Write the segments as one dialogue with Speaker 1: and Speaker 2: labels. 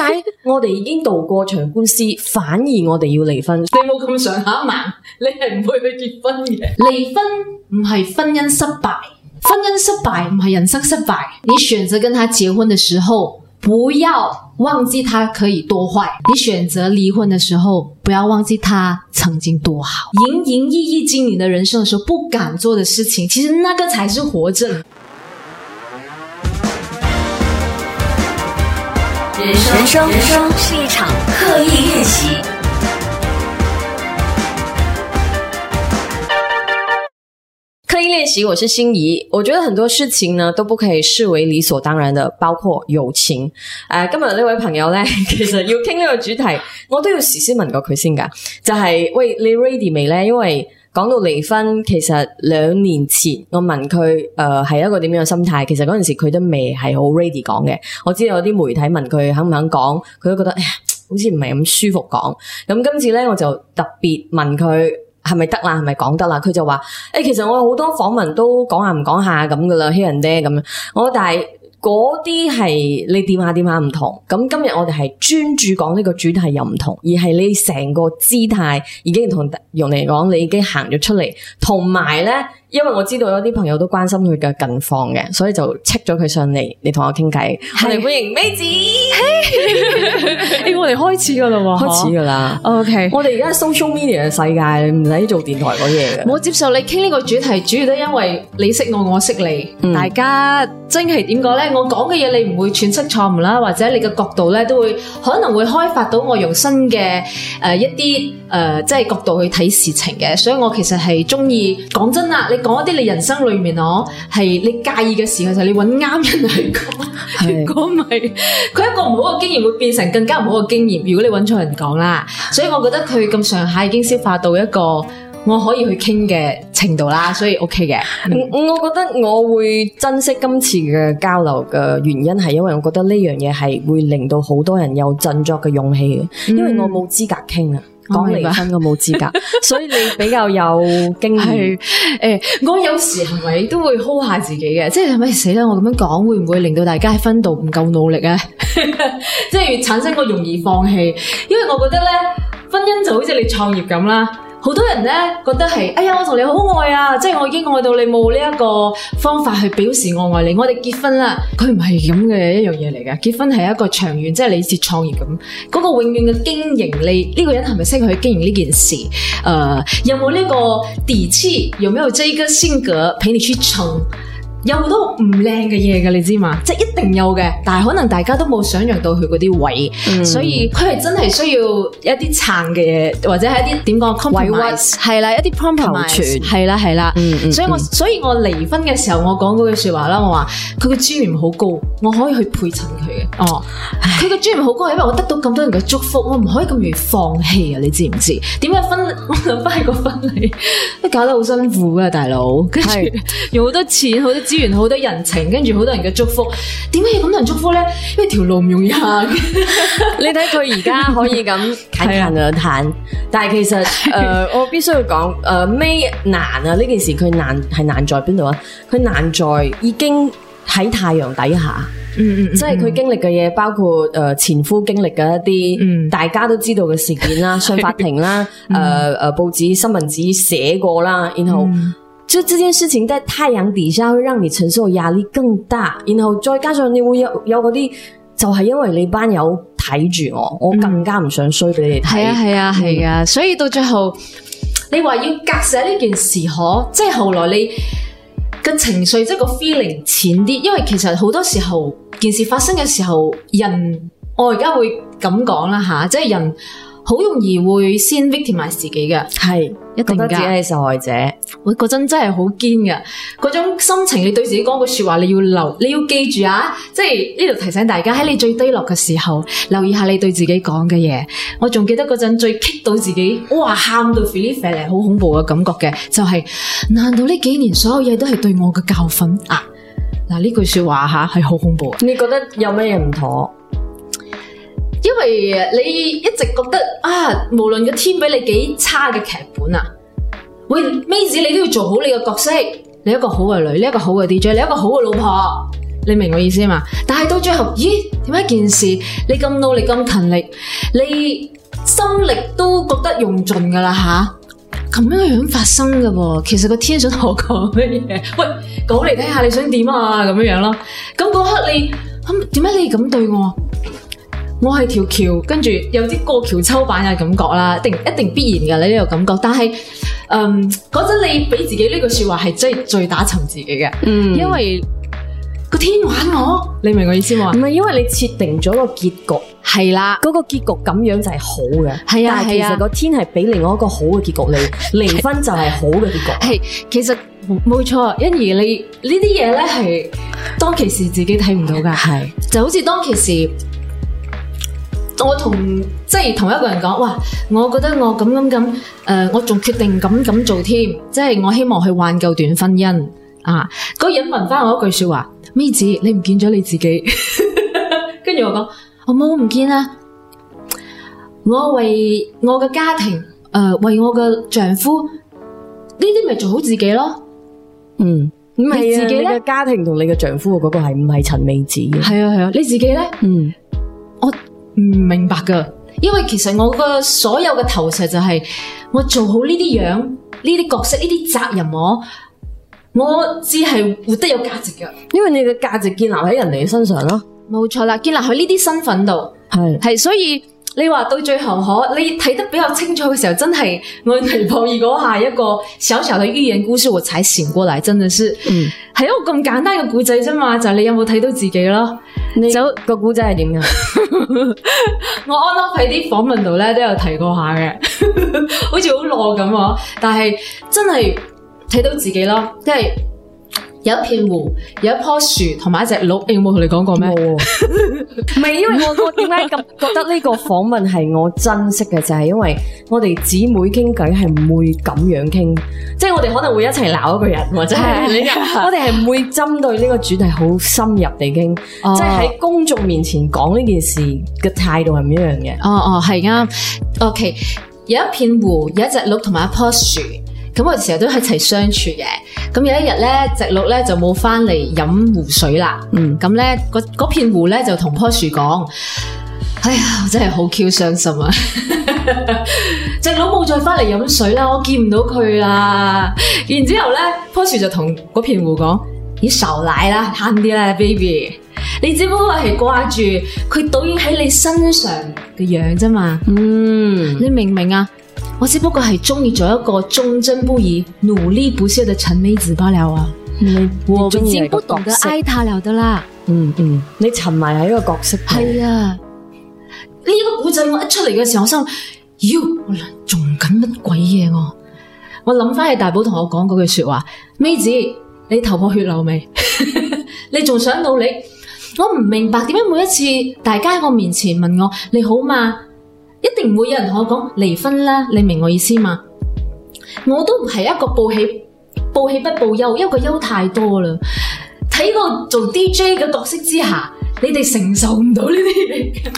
Speaker 1: 我哋已經度過長官司，反而我哋要離婚。你冇咁上下萬，
Speaker 2: 你係唔會去結婚嘅。
Speaker 1: 離婚唔係婚姻失敗，婚
Speaker 2: 姻失敗唔係人生失敗。你選擇跟他結婚的時候，不要忘記他可以多壞；你選擇離婚的時候，不要忘記他曾經多好。營營役役經營的人生的時候，不敢做的事情，其實那個才是活
Speaker 1: 着。人生人生，人生是一場刻意練習。刻意練習，我是心儀。我覺得很多事情呢，都不可以視為理所當然的，包括友情。誒、呃，今日呢位朋友呢，其實要傾呢個主題， 我都要事先問過佢先㗎。就係喂，你 ready 未呢？因為講到離婚，其實兩年前我問佢，誒係一個點樣嘅心態？其實嗰陣時佢都未係好 ready 講嘅。我知道有啲媒體問佢肯唔肯講，佢都覺得誒，好似唔係咁舒服講。咁今次呢，我就特別問佢係咪得啦，係咪講得啦？佢就話：欸，其實我好多訪問都講下唔講下咁嘅啦，here and there 咁樣。我但係。嗰啲係你點下點下唔同，咁今日我哋係專注講呢個主題又唔同，而係你成個姿態已經同用嚟講，你已經行咗出嚟，同埋呢。因為我知道有啲朋友都關心佢嘅近況嘅，所以就 check 咗佢上嚟，你同我傾偈。我哋歡迎 Macy，誒，我哋開始噶啦嘛，開始噶啦。OK，我哋而家係 social media 嘅世界，你唔使做電台嗰嘢嘅。我
Speaker 2: 接受你傾呢個主題，主要都因為你識我，我識你，嗯、大家真係點講咧？我講嘅嘢你唔會揣測錯誤啦，或者你嘅角度咧都會可能會開發到我用新嘅誒、呃、一啲誒、呃、即係角度去睇事情嘅。所以我其實係中意講真啦。講一啲你人生裏面哦，係你介意嘅事，就係你揾啱人嚟講，如果唔係，佢一個唔好嘅經驗會變成更加唔好嘅經驗。如果你揾錯人講啦，所以我覺得佢咁上下已經消化到一個我可以去傾嘅程度啦，所以 OK 嘅，
Speaker 1: 嗯。我覺得我會珍惜今次嘅交流嘅原因，係因為我覺得呢樣嘢係會令到好多人有振作嘅勇氣嘅，因為我冇資格傾啊。講離婚我冇資格，所以你比較有經驗、 欸。我有時係咪都會 hold 下自己
Speaker 2: 嘅，即係係咪死啦？我咁樣講會唔會令到大家喺婚度唔夠努力啊？ 即係產生個容易放棄，因為我覺得呢婚姻就好似你創業咁啦。好多人呢，覺得係，哎呀，我同你好愛啊，即係我已經愛到你冇呢一個方法去表示我愛你，我哋結婚啦。佢唔係咁嘅一樣嘢嚟嘅。結婚係一個長遠，即係你似創業咁，嗰個永遠嘅經營，你呢個人係咪適合去經營呢件事？誒，有冇呢個底氣？有冇呢個性格俾你去撐？有好多唔靚嘅嘢嘅，你知嘛？即係一定有嘅，但係可能大家都冇想象到佢嗰啲位，嗯、所以佢係真係需要一啲撐嘅嘢，或者係一啲點講 compromise 係啦，一啲 compromise 係啦係啦、嗯，所，所以我所以我離婚嘅時候我講，我講嗰句說話啦，我話佢嘅資源好高，我可以去配襯佢嘅。哦，佢嘅資源好高，係因為我得到咁多人嘅祝福，我唔可以咁容易放棄啊！你知唔知？點解分？我諗返起個婚禮都搞得好辛苦嘅、啊，大佬，跟住用好多錢，好多。支援好多人情，跟住好多人嘅祝福。點解要咁多人祝福咧？因為條路唔容易行。
Speaker 1: 你睇佢而家可以咁嘆嘆啊嘆，但係其實誒、呃，我必須要講誒，咩、呃、難啊？呢件事佢難係難在邊度啊？佢難在已經喺太陽底下，嗯嗯，嗯，嗯嗯，即係佢經歷嘅嘢，包括誒、呃、前夫經歷嘅一啲大家都知道嘅事件啦，嗯嗯、上法庭啦，誒、呃、誒，報紙新聞紙寫過啦，然後、嗯。然後就這件事情在太陽底下會讓你承受壓力更大，然後再加上你會有有啲就係因為你班友睇住我，嗯、我更加唔想衰俾你睇。係啊係啊係啊，啊，所以到最後
Speaker 2: 你話要隔捨呢件事可，即係後來你嘅情緒即係個 feeling 淺啲，因為其實好多時候件事發生嘅時候，人我而家會咁講啦吓，即係人。好容易會先 victimize 自己嘅，係，一定嘅，覺得自己係受害者，我嗰陣真係好堅嘅，嗰種心情你對自己講嘅說話，你要留，你要記住啊，即係呢度提醒大家，喺你最低落嘅時候，留意下你對自己講嘅嘢。我仲記得嗰陣最 kick 到自己，哇，喊到噼哩啪啦好恐怖嘅感覺嘅，就係，難道呢幾年所有嘢都係對我嘅教訓啊？
Speaker 1: 嗱，呢句說話吓係好恐怖，你覺得有咩嘢唔妥？
Speaker 2: 因為你一直覺得啊，無論個天俾你幾差嘅劇本啊，喂，妹子你都要做好你嘅角色，你一個好嘅女，你一個好嘅 DJ，你一個好嘅老婆，你明我意思嘛？但係到最後，咦，點解件事你咁努力咁勤力，你心力都覺得用盡噶啦吓？咁樣樣發生嘅噃，其實個天想同我講乜嘢？喂，講嚟睇下你想點啊？咁樣樣咯，咁嗰刻你，點解你咁對我？我係條橋，跟住有啲過橋抽板嘅感覺啦，一定一定必然嘅呢、這個感覺。但係，呃、嗯，嗰陣你俾自己呢句說話係即係最打沉自己嘅，嗯，因為
Speaker 1: 個天玩我，嗯、你明我意思嘛？唔係，因為你設定咗個結局，係啦，嗰個結局咁樣就係好嘅，係啊係啊。個天係俾另外一個好嘅結局你，離婚就係好嘅結局。係、啊，其實冇錯，欣宜你呢啲嘢咧
Speaker 2: 係當其時自己睇唔到嘅，係、啊、就好似當其時。我同即係同一個人講，哇！我覺得我咁咁咁，誒、呃，我仲決定咁咁做添，即係我希望去挽救段婚姻啊！嗰人問翻我一句説話，美子，你唔見咗你自己？跟 住我講，唔好？唔見啊！我為我嘅家庭，誒、呃，為我嘅丈夫，呢啲咪做好自己咯？
Speaker 1: 嗯，啊、你自己嘅家庭同你嘅丈夫嗰、那個係唔係陳美子？係啊係啊，啊，你自己咧，嗯，
Speaker 2: 我。唔明白㗎，因為其實我嘅所有嘅投射就係、是、我做好呢啲樣、呢啲角色、呢啲責任，我我只係活得有價值嘅。因為你嘅價值建立喺人哋嘅身上咯，冇錯啦，建立喺呢啲身份度，係係是，所以你話到最後，你睇得比較清楚嘅時候，真係我尼泊爾嗰下，如果下一個小小的寓言故事，我才醒過來，真的是，嗯，係一個咁簡單嘅故仔啫嘛，就你有冇睇到自己咯？你個古仔係點噶？ 我啱啱喺啲訪問度都有提過下嘅， 好似好懦咁，但係真係睇到自己咯，即係。有一片湖，
Speaker 1: 有一棵樹，同埋一隻鹿，欸、有沒有跟你應冇同你講過咩？唔係有， 因為我我點解咁覺得呢個訪問係我珍惜嘅。就係、是、因為我哋姊妹傾偈係唔會咁樣傾，即、就、係、是、我哋可能會一齊鬧一個人，或者係我哋係唔會針對呢個主題好深入地傾，即係喺公眾面前講呢件事嘅態度係唔一樣嘅、哦。
Speaker 2: 哦哦，係啱。OK，有一片湖，有一隻鹿，同埋一棵樹。咁我哋成日都喺一齊相處嘅，咁有一日咧，隻鹿咧就冇翻嚟飲湖水啦，嗯，咁嗰片湖咧就同棵樹講，哎呀，我真係好 Q 傷心啊！隻 鹿冇再翻嚟飲水啦，我見唔到佢啦。 然之後咧，棵樹就同嗰片湖講、嗯，你收奶啦，慳啲啦，baby，你只不過係掛住佢倒影喺你身上嘅樣啫嘛，嗯，你明唔明啊？我只不過係中意做一個忠貞不移、努力不懈的陳美子罷了啊！你已經不懂得愛他了的啦！
Speaker 1: 嗯嗯，你沉迷喺呢個角色裡。
Speaker 2: 係、嗯嗯、啊、呢、這個故仔我一出嚟嘅時候，我心想，妖，仲緊乜鬼嘢我？我諗翻起大寶同我講嗰句說話，妹子，你頭破血流未？ 你仲想努力？我唔明白點解每一次大家喺我面前問我你好嘛？一定唔會有人同我講離婚啦，你明我意思嘛？我都唔係一個報喜，報喜不報憂，因為個憂太多啦。喺個做 DJ 嘅角色之下，你哋承受唔到呢啲嘢，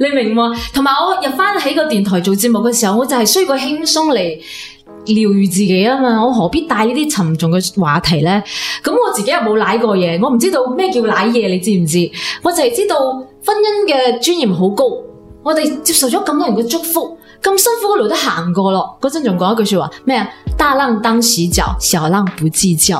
Speaker 2: 你明嘛？同埋我入翻喺個電台做節目嘅時候，我就係需要個輕鬆嚟療愈自己啊嘛。我何必帶呢啲沉重嘅話題呢？咁我自己又冇舐過嘢，我唔知道咩叫舐嘢，你知唔知？我就係知道婚姻嘅尊嚴好高。我哋接受咗咁多人嘅祝福，咁辛苦嘅路都行過咯。嗰陣仲講一句說話咩啊？大浪當時腳，小浪不計較。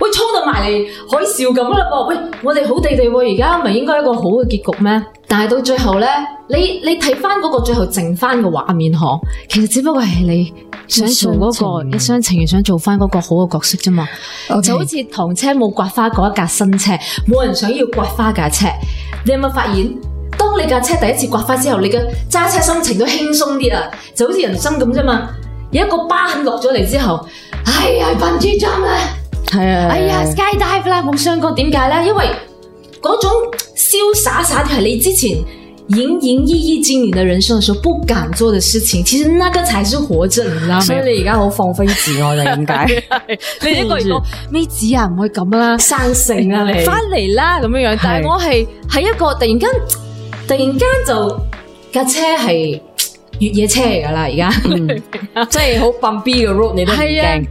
Speaker 2: 喂，沖到埋嚟海嘯咁啦噃！喂，我哋好地地、哦，而家唔係應該一個好嘅結局咩？但係到最後呢，你你睇翻嗰個最後剩翻嘅畫面，嗬，其實只不過係你想做嗰、那個一廂情願想做翻嗰個好嘅角色啫嘛。Okay. 就好似唐車冇刮花嗰一架新車，冇人想要刮花架車。你有冇發現？當你架車第一次刮花之後，你嘅揸車心情都輕鬆啲啊！就好似人生咁啫嘛，有一個疤痕落咗嚟之後，哎呀，笨豬 jump 啦，係啊，哎呀，sky dive 啦，冇想過點解呢？因為嗰種瀟灑灑係你之前隱隱約約經歷的人生嘅時候不敢做的事情，其實那個才是活着，你知道咩？所以而家好放飛自我啦，應該你呢個妹子啊，唔可以咁生性啊你，翻嚟啦咁樣樣，但係我係喺一個突然間。突然間就架車係越野車嚟噶啦，而家即係好 bumpy
Speaker 1: 嘅 road 你都唔驚，
Speaker 2: 啊、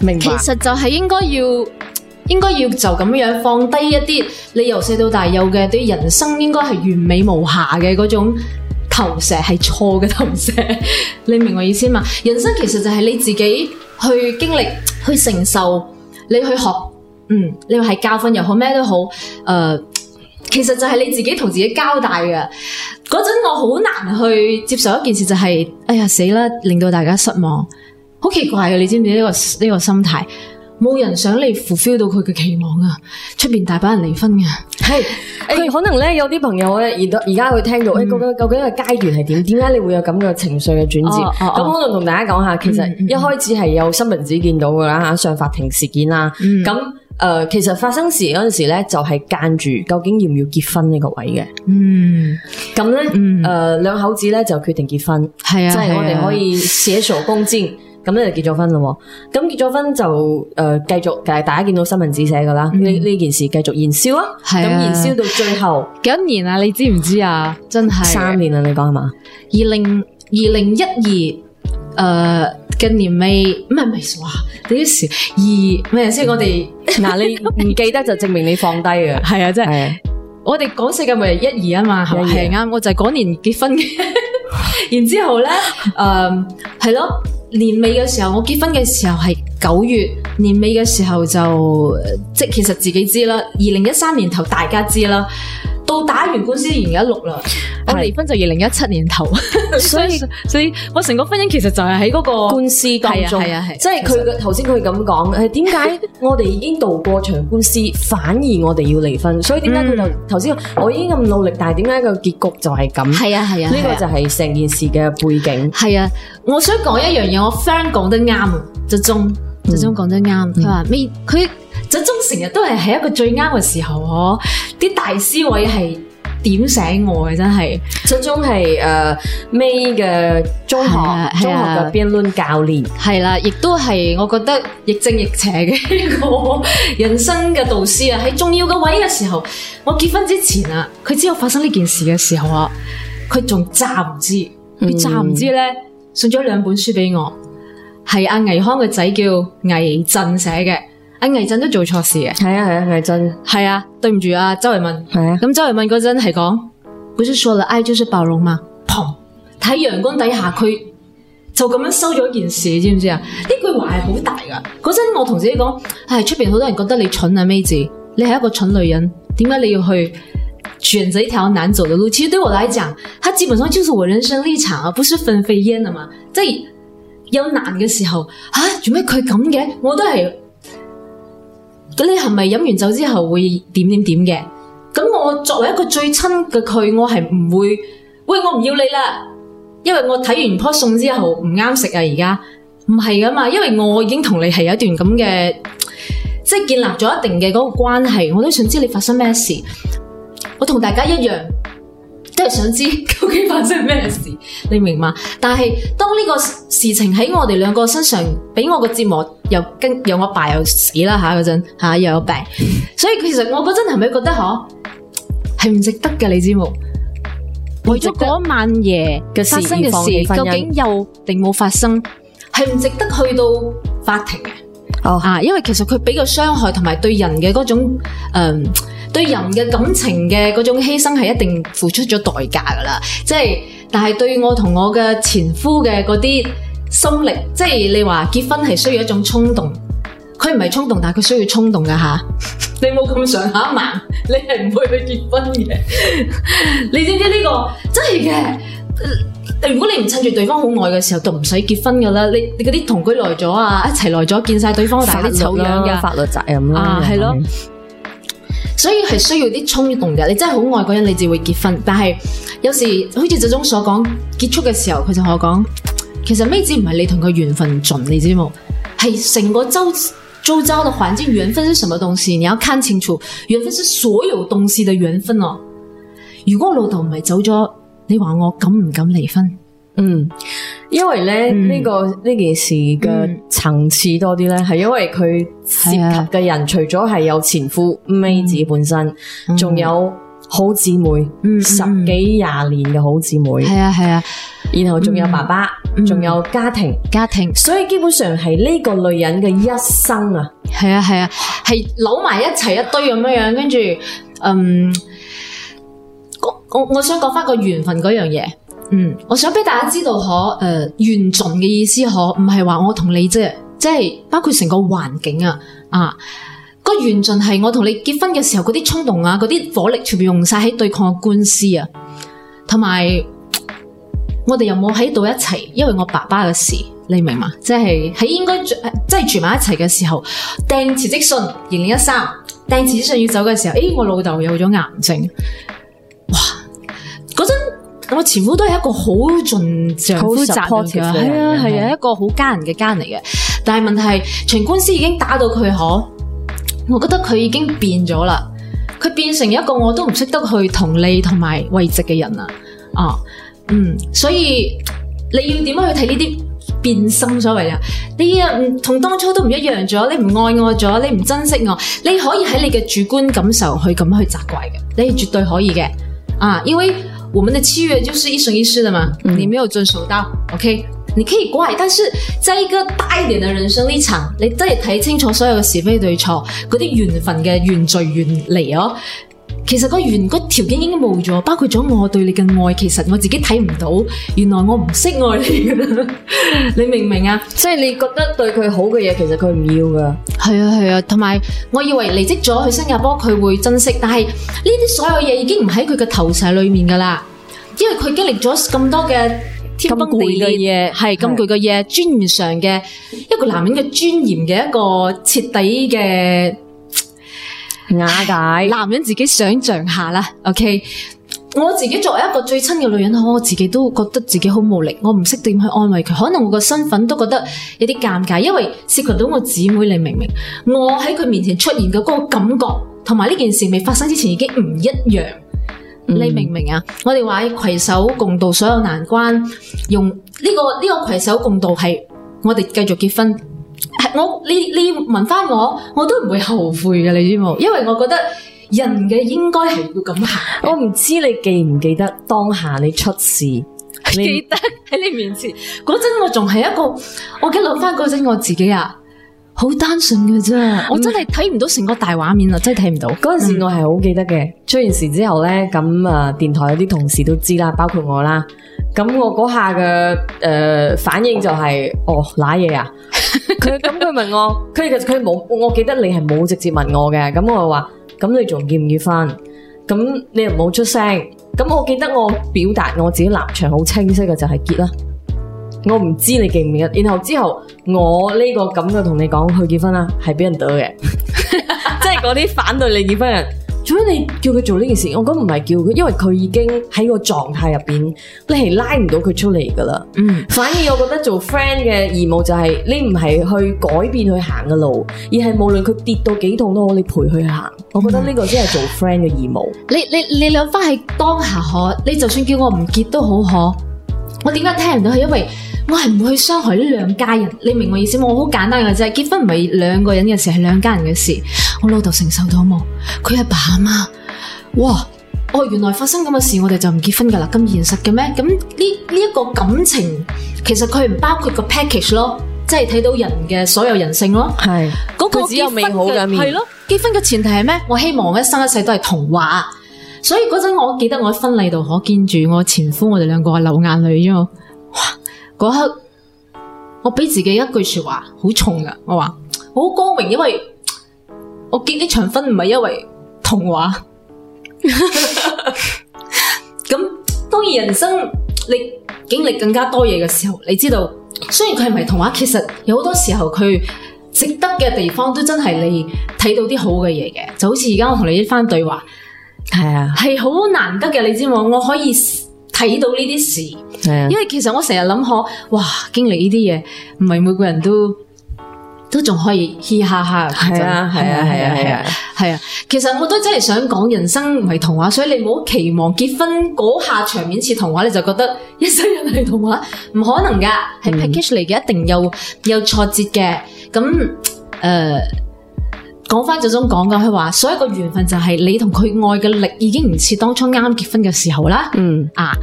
Speaker 2: 明白其實就係應該要應該要就咁樣放低一啲你由細到大有嘅對人生應該係完美無瑕嘅嗰種投射係錯嘅投射， 你明我意思嘛？人生其實就係你自己去經歷去承受，你去學，嗯，你話係教訓又好咩都好，誒、呃。其實就係你自己同自己交代嘅，嗰陣我好難去接受一件事，就是，就係哎呀死啦，令到大家失望，好奇怪嘅，你知唔知呢、這個呢、這個心態？冇人想你 fulfil 到佢嘅期望啊！
Speaker 1: 出邊大把人離婚嘅，係佢、欸、可能咧有啲朋友咧而而家會聽到誒，嗯、究竟究竟個階段係點？點解你會有咁嘅情緒嘅轉折？咁、哦哦、可能同大家講下，嗯、其實一開始係有新聞紙見到噶啦吓，上法庭事件啦，咁、嗯。誒、呃，其實發生時嗰陣時咧，就係間住究竟要唔要結婚呢個位嘅。嗯，咁咧，誒、嗯，兩、呃、口子咧就決定結婚，係啊，即係我哋可以寫傻公之，咁咧、啊啊、就結咗婚咯。咁結咗婚就誒，繼、呃、續，但係大家見到新聞紙寫噶啦，呢呢、嗯、件事繼續燃燒啊。係，咁燃燒到最後
Speaker 2: 幾多年啊，你知唔知啊？真係三
Speaker 1: 年啊，你講係嘛？
Speaker 2: 二零二零一二，誒。近年尾唔係唔係話幾時？二咩先？我哋嗱，你唔記得就證明你放低嘅，係啊，真係的。我哋講世界末日一二啊嘛，係咪啊，我就係嗰年結婚嘅， 然之後咧呢，誒、 嗯，係咯，年尾嘅時候，我結婚嘅時候係九月，年尾嘅時候就，即係其實自己知啦，二零一三年頭大家知啦。打完官司二零一六啦，我離婚就二零一七年頭，所以所以我成個婚姻其實就係喺嗰個官司當中，係啊係即係佢
Speaker 1: 嘅，頭先佢咁講，誒點解我哋已經度過長官司，反而我哋要離婚？所以點解佢就頭先我已經咁努力，但係點解個結局就係咁？係啊係啊，呢個就係成件事嘅背景。係啊，我想講一樣嘢，我 friend 講
Speaker 2: 得啱，就中，就中講得啱，佢話咩？佢就中成日都係喺一個最啱嘅時候哦。大師位係點醒我嘅真係，初中係誒尾嘅中學，啊啊、中學嘅辯論教練係啦，亦都係我覺得亦正亦邪嘅一個人生嘅導師啊！喺重要嘅位嘅時候，我結婚之前啊，佢只有發生呢件事嘅時候啊，佢仲詐唔知，佢詐唔知呢？送咗兩本書俾我，係阿倪匡嘅仔叫倪震寫嘅。啊魏，啊、震都做錯事嘅，啊，係啊，係啊，魏震，係啊。對唔住啊，周慧敏。係啊。咁周慧敏嗰陣係講，不是說了愛就是包容嗎？砰！喺陽光底下，佢就咁樣收咗一件事，你知唔知啊？呢句話係好大噶。嗰陣我同自己講，唉、哎，出邊好多人覺得你蠢啊，妹子，你係一個蠢女人，點解你要去選擇一條難走的路？其實對我來講，佢基本上就是我人生立場，而不是分飛煙啊嘛。即係有難嘅時候，吓做咩佢咁嘅？我都係。咁你係咪飲完酒之後會點點點嘅？咁我作為一個最親嘅佢，我係唔會喂，我唔要你啦，因為我睇完 post 送之後唔啱食啊！而家唔係噶嘛，因為我已經同你係有一段咁嘅，即係建立咗一定嘅嗰個關係，我都想知你發生咩事。我同大家一樣。都係想知究竟發生咩事，你明嘛？但係當呢個事情喺我哋兩個身上，俾我個節目又驚，又我爸又死啦吓，嗰陣吓又有病，所以其實我嗰陣係咪覺得嗬，係、啊、唔值得嘅？你知冇？為咗嗰晚夜嘅事發生嘅事，究竟又有定冇發生，係唔值得去到法庭嘅？哦、啊，因為其實佢比較傷害同埋對人嘅嗰種誒。呃對人嘅感情嘅嗰種犧牲係一定付出咗代價㗎喇，即係但係對我同我嘅前夫嘅嗰啲心力，即係你話結婚係需要一種衝動，佢唔係衝動，但係佢需要衝動㗎吓、啊。 你冇咁上下盲，
Speaker 1: 你係唔會去結婚嘅。
Speaker 2: 你知唔知呢、這個真係嘅、呃？如果你唔趁住對方好愛嘅時候，就唔使結婚㗎喇。你你嗰啲同居來咗啊，一齊來咗見晒對方，大啲醜樣嘅法律責任啊所以係需要啲衝動嘅，你真係好愛嗰人你就會結婚，但係有時好似早鐘所講，結束嘅時候佢就同我講，其實妹子唔係你同佢緣分盡，你知冇？係成個周周遭的環境，緣分是什麼東西？你要看清楚，緣分是所有東西嘅養分哦、啊，如果老豆唔係走咗，你話我敢唔敢離婚？
Speaker 1: 嗯，因為咧呢個呢件事嘅層次多啲咧，係因為佢涉及嘅人除咗係有前夫妹子本身，仲有好姊妹，十幾廿年嘅好姊妹，係啊係啊，然後仲有爸爸，仲有家庭，家庭，所以基本上係呢個女人嘅一生啊，係啊係啊，係扭埋一齊一堆
Speaker 2: 咁樣樣，跟住，嗯，我我我想講返個緣分嗰樣嘢。嗯，我想俾大家知道可，誒、呃，緣盡嘅意思可唔係話我同你即係即係包括成個環境啊，啊，嗰緣盡係我同你結婚嘅時候嗰啲衝動啊，嗰啲火力全部用晒喺對抗官司啊，同埋我哋又冇喺度一齊，因為我爸爸嘅事，你明嘛？即係喺應該住，即係住埋一齊嘅時候，掟辭職信二零一三，掟辭職信要走嘅時候，誒、欸，我老豆有咗癌症。我前夫都係一個好盡丈夫責任嘅人的，係啊，係啊，一個好家人嘅家人嚟嘅。但係問題係，場官司已經打到佢，嗬，我覺得佢已經變咗啦，佢變成一個我都唔識得去同你同埋慰藉嘅人啊，啊，嗯，所以你要點樣去睇呢啲變心所謂啊？你啊，同、嗯、當初都唔一樣咗，你唔愛我咗，你唔珍惜我，你可以喺你嘅主觀感受去咁去責怪嘅，你係絕對可以嘅，啊，因為。我們的契約就是一生一世的嘛，你沒有遵守到，嗯，OK？你可以怪，但是在一個大一點的人生立場嚟，真係睇清楚所有嘅是非對錯，嗰啲緣分嘅緣聚緣離哦。其實個原個條件已經冇咗，包括咗我對你嘅愛。其實我自己睇唔到，原來我唔識愛你嘅。你明唔明啊？即係你覺得對佢好嘅嘢，其實佢唔要噶。係啊係啊，同埋我以為離職咗去新加坡，佢會珍惜。但係呢啲所有嘢已經唔喺佢嘅投射裏面噶啦，因為佢經歷咗咁多嘅天崩地裂，係咁攰嘅嘢，尊嚴上嘅一個男人嘅尊嚴嘅一個徹底嘅。解男人自己想象下啦，OK？我自己作為一個最親嘅女人，我我自己都覺得自己好無力，我唔識點去安慰佢。可能我個身份都覺得有啲尷尬，因為涉及到我姊妹，你明唔明？我喺佢面前出現嘅嗰個感覺，同埋呢件事未發生之前已經唔一樣，你明唔明啊？嗯、我哋話要攜手共度所有難關，用呢、這個呢、這個攜手共度」係我哋繼續結婚。我，你你問翻我，我都唔會後悔嘅，你知冇？因為我覺得
Speaker 1: 人嘅應該係要咁行。我唔知你記唔記得當下你出事，你記
Speaker 2: 得喺你面前。
Speaker 1: 嗰陣 我仲係一個，我記得諗翻嗰陣我自己啊。好單純嘅啫，我真係睇唔到成個大畫面啦，真係睇唔到。嗰陣、嗯、時我係好記得嘅，出完事之後呢，咁啊電台有啲同事都知啦，包括我啦。咁我嗰下嘅、呃、反應就係、是， 哦嗱嘢啊，佢咁佢問我，佢冇，我記得你係冇直接問我嘅。咁我話，咁你仲結唔結婚？咁你又冇出聲。咁我記得我表達我自己立場好清晰嘅就係、是、結啦。我唔知你記唔記得，然後之後我呢個咁嘅同你講去結婚啦，係俾人懟嘅，即係嗰啲反對你結婚人。除非你叫佢做呢件事，我覺得唔係叫佢，因為佢已經喺個狀態入面，你係拉唔到佢出嚟噶啦。嗯，反而我覺得做 friend 嘅義務就係你唔係去改變佢行嘅路，而係無論佢跌到幾痛都好，你陪佢行。我覺得呢個先係做 friend 嘅義務、嗯
Speaker 2: 你。你你你兩番係當下可，你就算叫我唔結都好可。我點解聽唔到？係因為我係唔會去傷害呢兩家人，你明我意思冇？我好簡單嘅啫，結婚唔係兩個人嘅事，係兩家人嘅事。我老豆承受到冇？佢阿爸阿媽，哇哦！原來發生咁嘅事，我哋就唔結婚噶啦？咁現實嘅咩？咁呢一個感情，其實佢唔包括個 package 咯，即係睇到人嘅所有人性咯。係是，佢只有美好嘅面。係咯，結婚嘅前提係咩？我希望我一生一世都係童話。所以嗰陣我記得我喺婚禮度可見住我前夫我兩，我哋兩個係流眼淚，咋嘛？哇！嗰刻我俾自己一句說話，好重噶。我話好光榮，因為我結呢場婚唔係因為童話咁。 當然，人生你經歷更加多嘢嘅時候，你知道雖然佢係唔係童話，其實有好多時候佢值得嘅地方都真係你睇到啲好嘅嘢嘅，就好似而家我同你呢番對話。係啊，係好難得嘅，你知冇？我可以睇到呢啲事，係啊，因為其實我成日諗下，哇，經歷呢啲嘢，唔係每個人都都仲可以嘻哈哈下下，係啊，係、嗯、啊，係啊，係啊，係啊,啊,啊，其實我都真係想講人生唔係童話，所以你冇期望結婚嗰下場面似童話，你就覺得一生人係童話，唔可能噶，係 package 嚟嘅，一定有有挫折嘅，咁誒。呃講翻就終講噶，佢話所有個緣分就係你同佢愛嘅力已經唔似當初啱啱結婚嘅時候啦。嗯，啊，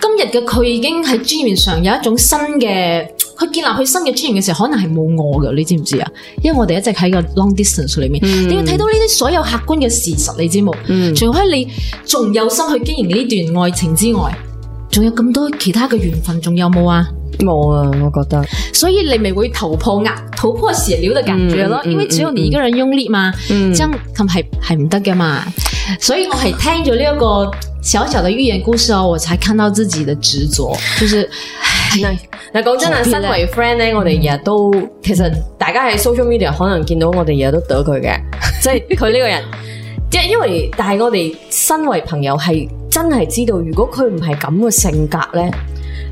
Speaker 2: 今日嘅佢已經喺經營上有一種新嘅，佢建立佢新嘅經營嘅時候，可能係冇我嘅，你知唔知啊？因為我哋一直喺個 long distance 裏面，嗯、你要睇到呢啲所有客觀嘅事實，你知冇？嗯、除開你仲有心去經營呢段愛情之外。仲有咁多其他嘅緣分，仲有冇啊？冇啊，我覺得，所以你咪會頭破額、頭破血流的感覺咯，嗯嗯嗯、因為只有你一個人用力嘛，嗯，這樣咁係係唔得嘅嘛。所以我係聽咗呢一個小小的寓言故事我才看到自
Speaker 1: 己的執着，就是，唉，嗱講但真啊，身為 friend 呢，我哋日日都，嗯、其實大家喺 social media 可能見到我哋日日都懟佢嘅，即係佢呢個人，即係因為但係我哋身為朋友係。真係知道，如果佢唔係咁嘅性格咧，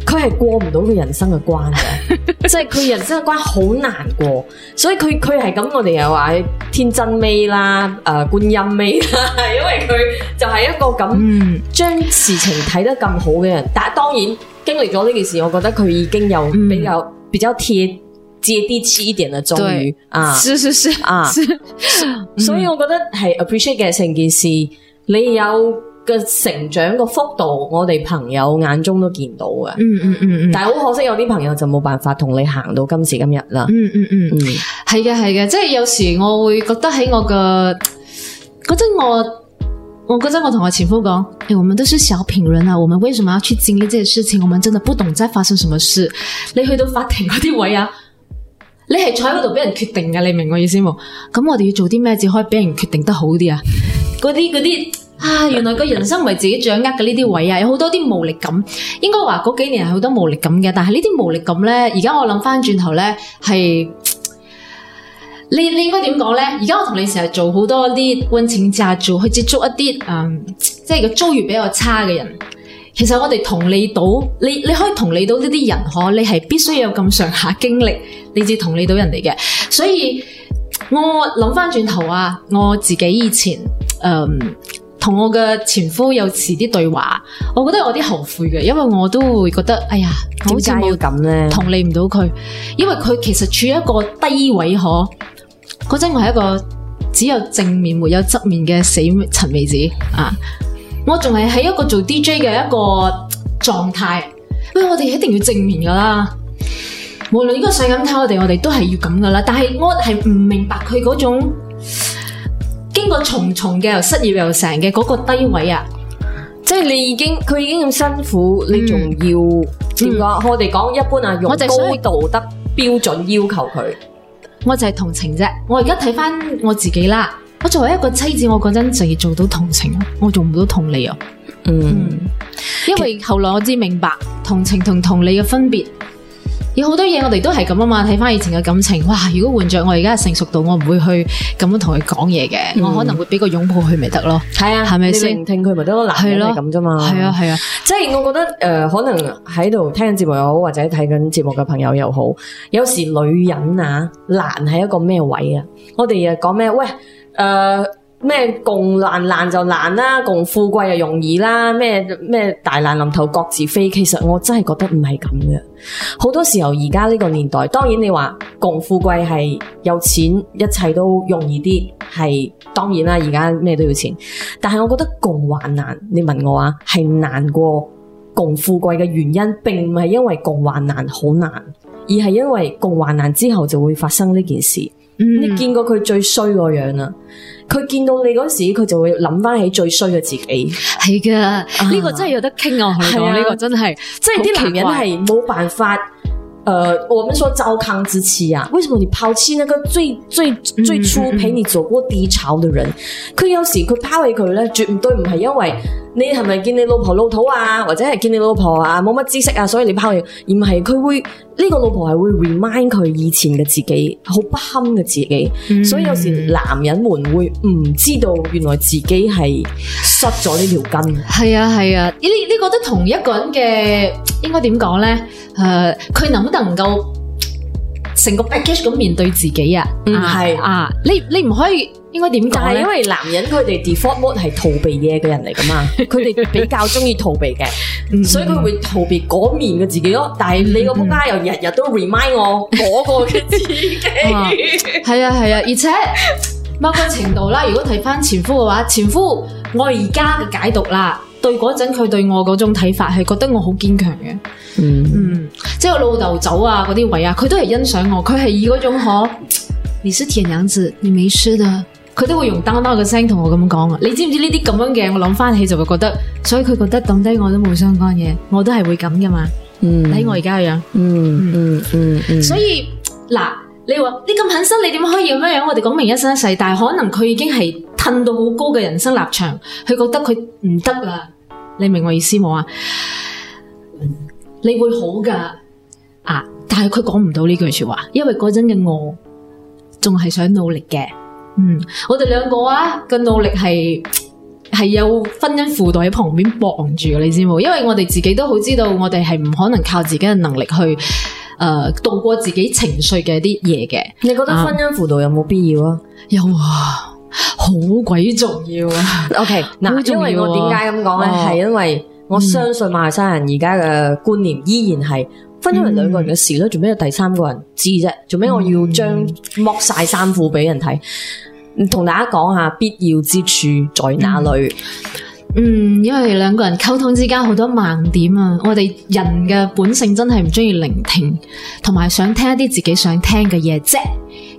Speaker 1: 佢係過唔到佢人生嘅關嘅，即係佢人生嘅關好難過，所以佢佢係咁，我哋又話天真味啦，誒、呃、觀音味啦，因為佢就係一個咁將、嗯、事情睇得咁好嘅人。但係當然經歷咗呢件事，我覺得佢已經有比較、嗯、比較貼接地氣一點嘅遭遇啊，係係係啊、所以我覺得係 appreciate 嘅成件事，你有、嗯。嘅成長個幅度，我哋朋友眼中都見到嘅、嗯。嗯嗯嗯嗯。嗯但係好可惜，有啲朋友就冇辦法同你行到今時今日啦、嗯。嗯嗯嗯嗯。
Speaker 2: 係嘅係嘅，即係有時我會覺得喺我嘅覺得我我覺得我同我前夫講，誒、欸，我們都是小評論啊。我們為什麼要去經歷這些事情？我們真的不懂在發生什麼事。你去到法庭嗰啲位啊，你係坐喺度俾人決定嘅，你明我意思冇？咁我哋要做啲咩只可以俾人決定得好啲啊？啲嗰啲。啊！原來個人生唔係自己掌握嘅呢啲位啊，有好多啲無力感。應該話嗰幾年係好多無力感嘅。但係呢啲無力感咧，而家我諗翻轉頭咧，係，你你應該點講咧？而家我同你成日做好多啲溫情揸住，去接觸一啲嗯，即係個遭遇比較差嘅人。其實我哋同理到你，你可以同理到呢啲人可，你係必須有咁上下經歷，你至同理到人哋嘅。所以我諗翻轉頭啊，我自己以前嗯。同我嘅前夫有遲啲對話，我覺得有啲後悔嘅，因為我都會覺得，哎呀點解要咁咧？同理唔到佢，因為佢其實處於一個低位呵。嗰陣我係一個只有正面沒有側面嘅死陳美子啊！我仲係喺一個做 DJ 嘅一個狀態。喂、哎，我哋一定要正面噶啦，無論依個世界點睇我哋，我哋都係要咁噶啦。但係我係唔明白佢嗰種。經過重重
Speaker 1: 嘅又失業又成嘅嗰、那個低位啊，嗯、即係你已經佢已經咁辛苦，你仲要點講？嗯、如果我哋講一般啊，嗯、用高道德標準要求佢，
Speaker 2: 我就係同情啫。我而家睇返我自己啦，我作為一個妻子，我嗰陣就要做到同情，我做唔到同理啊。嗯，因為後來我知明白同情同同理嘅分別。有好多嘢我哋都係咁啊嘛，睇翻以前嘅感情，哇，如果換着我而家成熟度，我唔會去咁樣同佢講嘢嘅，嗯、我可能會俾個擁抱
Speaker 1: 佢咪得咯。係啊，係咪先？唔聽佢咪得咯，男人係咁啫嘛。係啊，係啊，啊，即係我覺得、呃、可能喺度聽節目又好，或者睇緊節目嘅朋友又好，有時女人啊難喺一個咩位啊？我哋啊講咩？喂，呃咩共患難就難啦，共富貴就容易啦。咩咩大難臨頭各自飛，其實我真係覺得唔係咁嘅。好多時候而家呢個年代，當然你話共富貴係有錢一切都容易啲，係當然啦。而家咩都要錢，但係我覺得共患難，你問我啊，係難過共富貴嘅原因，並唔係因為共患難好難，而係因為共患難之後就會發生呢件事。Mm hmm. 你見過佢最衰嗰樣啊。佢見到你嗰時，佢就會諗翻起最衰嘅自己。係噶的，呢、啊、個真係有得傾啊！係啊，呢個真係是，即係啲男人係冇辦法、呃。我們說糟糠之妻啊，為什麼你拋棄那個最、嗯、最最初陪你走過低潮的人？佢、嗯嗯、有時佢拋棄佢呢，絕對唔係因為。你係咪見你老婆老土啊？或者係見你老婆啊冇乜知識啊，所以你拋棄？而唔係佢會呢、這個老婆係會 remind 佢以前嘅自己，好不堪嘅自己。嗯、所以有時男人們會會唔知道原來自己係失咗呢條筋。
Speaker 2: 係啊係啊，你覺得同一個人嘅應該點講呢？誒、呃，佢能不能夠成個 package
Speaker 1: 咁面對自己啊？嗯，係啊，啊，你你唔可以。應該點解？因為男人佢哋 default mode 係逃避嘢嘅人嚟噶嘛，佢哋 比較中意逃避嘅， 所以佢會逃避嗰面嘅自己咯、哦。 但係你個仆街又日日都 remind 我嗰個嘅自
Speaker 2: 己，係 啊係啊,啊，而且某個程度啦，如果睇翻前夫嘅話，前夫我而家嘅解讀啦，對嗰陣佢對我嗰種睇法係覺得我好堅強嘅，嗯，即係我老豆走啊嗰啲位啊，佢都係欣賞我，佢係以嗰種呵，你是鐵娘子，你沒事的。佢都會用當當嘅聲同我咁講啊！你知唔知呢啲咁樣嘅？我諗翻起就會覺得，所以佢覺得抌低我都冇相關嘢，我都係會咁噶嘛，嗯嗯。嗯，睇我而家嘅樣，嗯嗯嗯嗯。所以嗱，你話你咁狠心，你點可以咁樣樣？我哋講明一生一世，但係可能佢已經係褪到好高嘅人生立場，佢覺得佢唔得啦。你明我意思冇啊、嗯？你會好噶啊！但係佢講唔到呢句說話，因為嗰陣嘅我仲係想努力嘅。嗯，我哋兩個啊嘅努力係係有婚姻輔導喺旁邊綁住嘅，你知冇？因為我哋自己都好知道，我哋係唔可能靠自己嘅能力去誒、呃、度過自己情緒嘅啲嘢嘅。
Speaker 1: 你覺得婚姻輔導有冇必要啊？啊有啊，好鬼重要啊 ！OK，嗱喏，啊、因為我點解咁講咧，係、哦、因為我相信馬來西亞人而家嘅觀念依然係、嗯、婚姻係兩個人嘅事都做咩有第三個人知啫？做咩、嗯、我要將剝晒衫褲俾人睇？同大家講下必要之處在哪裏？
Speaker 2: 嗯，因為兩個人溝通之間好多盲點啊！我哋人嘅本性真係唔中意聆聽，同埋想聽一啲自己想聽嘅嘢啫。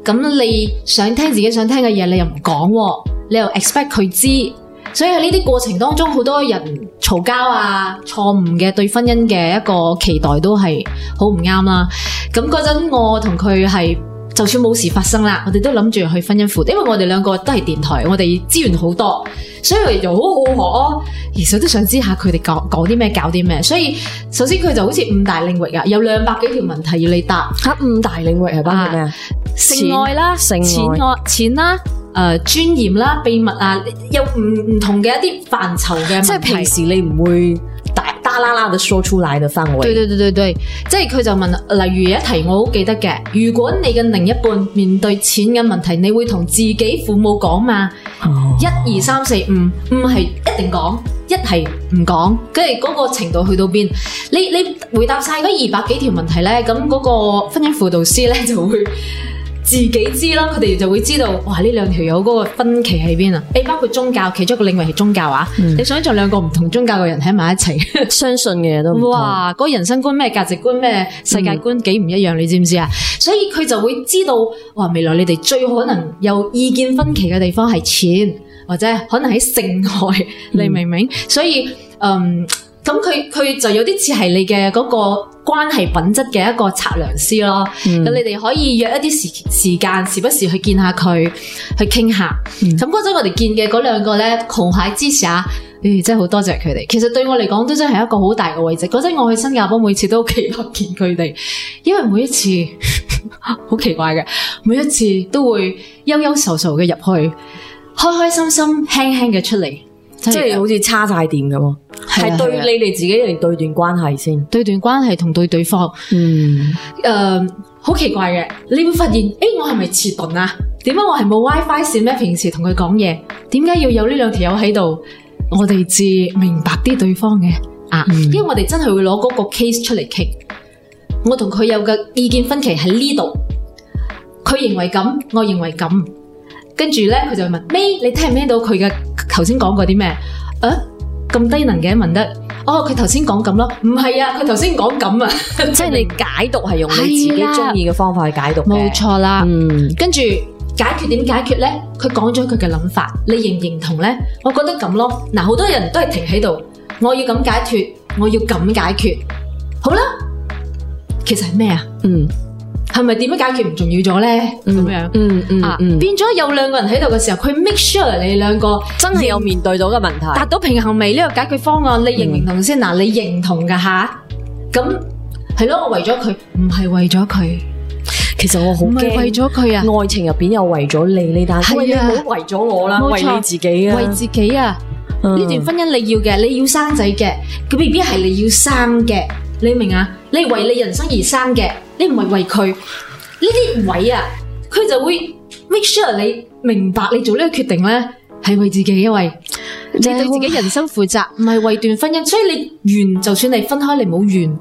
Speaker 2: 咁你想聽自己想聽嘅嘢，你又唔講啊，你又 expect 佢知，所以喺呢啲過程當中，好多人嘈交啊，錯誤嘅對婚姻嘅一個期待都係好唔啱啦。咁嗰陣我同佢係。就算冇事發生啦，我哋都諗住去婚姻輔導，因為我哋兩個都係電台，我哋資源好多，所以就好好學咯。我其實都想知下佢哋講啲咩，搞啲咩。所以首先佢就好似五大領域啊，有兩百幾條問題要你答。啊，五大領域係乜嘢啊？性愛啦、性愛、錢啦、啊、誒、啊呃、尊嚴啦、秘密啊，有唔同嘅一啲範疇嘅，即係平時你唔會。啦啦啦地說出來嘅範圍，對對對對對，即係佢就問，例如一題我好記得嘅，如果你嘅另一半面對錢嘅問題，你會同自己父母講嘛？哦，一二三四五，唔係一定講，一係唔講，跟住嗰個程度去到邊？你你回答晒嗰二百幾條問題咧，咁嗰個婚姻輔導師咧就會。自己知啦，佢哋就會知道，哇！呢兩條友嗰個的分歧喺邊啊？A 包括宗教，其中一個領域係宗教啊。嗯、你想像兩個唔同宗教嘅人喺埋一齊，嗯、 相信嘅都哇，嗰、那個、人生觀咩價值觀咩世界觀幾唔一樣，你知唔知啊？嗯、所以佢就會知道，哇！未來你哋最可能有意見分歧嘅地方係錢，或者可能喺性愛，你明唔明？嗯、所以，嗯。咁佢佢就有啲似係你嘅嗰個關係品質嘅一個測量師咯。咁、嗯、你哋可以約一啲時時間，時不時去見下佢，去傾下。咁嗰陣我哋見嘅嗰兩個咧，窮蟹之子，誒真係好多謝佢哋。其實對我嚟講都真係一個好大嘅位置。嗰陣我去新加坡，每次都好期待見佢哋，因為每一次好 奇怪嘅，每一次都會憂憂愁愁嘅入去，開開心心輕
Speaker 1: 輕嘅出嚟，即係好似叉晒電咁。係對你哋自己嚟對段關係先，對段關係同對對方，嗯，誒，好奇怪嘅，你會發
Speaker 2: 現，誒，我係咪遲鈍啊？點解我係冇 WiFi 線咩？平時同佢講嘢，點解要有呢兩條友喺度？我哋至明白啲對方嘅，啊，嗯，因為我哋真係會攞嗰個 case 出嚟傾，我同佢有嘅意見分歧喺呢度，佢認為咁，我認為咁，跟住，咧佢就會問，May，你聽唔聽到佢嘅頭先講過啲咩？啊？咁低能嘅人問得哦，佢頭先講咁咯，唔係啊，佢頭先講咁啊， 即
Speaker 1: 係你解讀
Speaker 2: 係用你自己中意嘅方法去解讀嘅，冇錯啦。嗯，跟住解決點解決呢？佢講咗佢嘅諗法，你認唔認同呢？我覺得咁咯，嗱，好多人都係停喺度，我要咁解決，我要咁解決，好啦，其實係咩啊？嗯。係咪點樣解決唔重要咗咧？咁樣，嗯嗯，變咗有兩個人喺度嘅時候，佢 make sure 你兩個真係有面對到嘅問題，達到平衡未？呢個解決方案，你認唔認同先？嗱，你認同㗎吓？咁係咯，我為咗佢，唔係為咗佢。
Speaker 1: 其實我好，唔係為咗佢啊！愛情入邊又為咗你呢單，係啊，唔好
Speaker 2: 為咗我啦，為你自己啊，為自己啊！呢段婚姻你要嘅，你要生仔嘅，個 B B 係你要生嘅。你明啊？你係為你人生而生嘅，你唔係為佢呢啲位啊，佢就會 make sure 你明白你做呢個決定咧係為自己，因為你對自己人生負責，唔係為段婚姻。所以你完，就算你分開，你冇
Speaker 1: 完。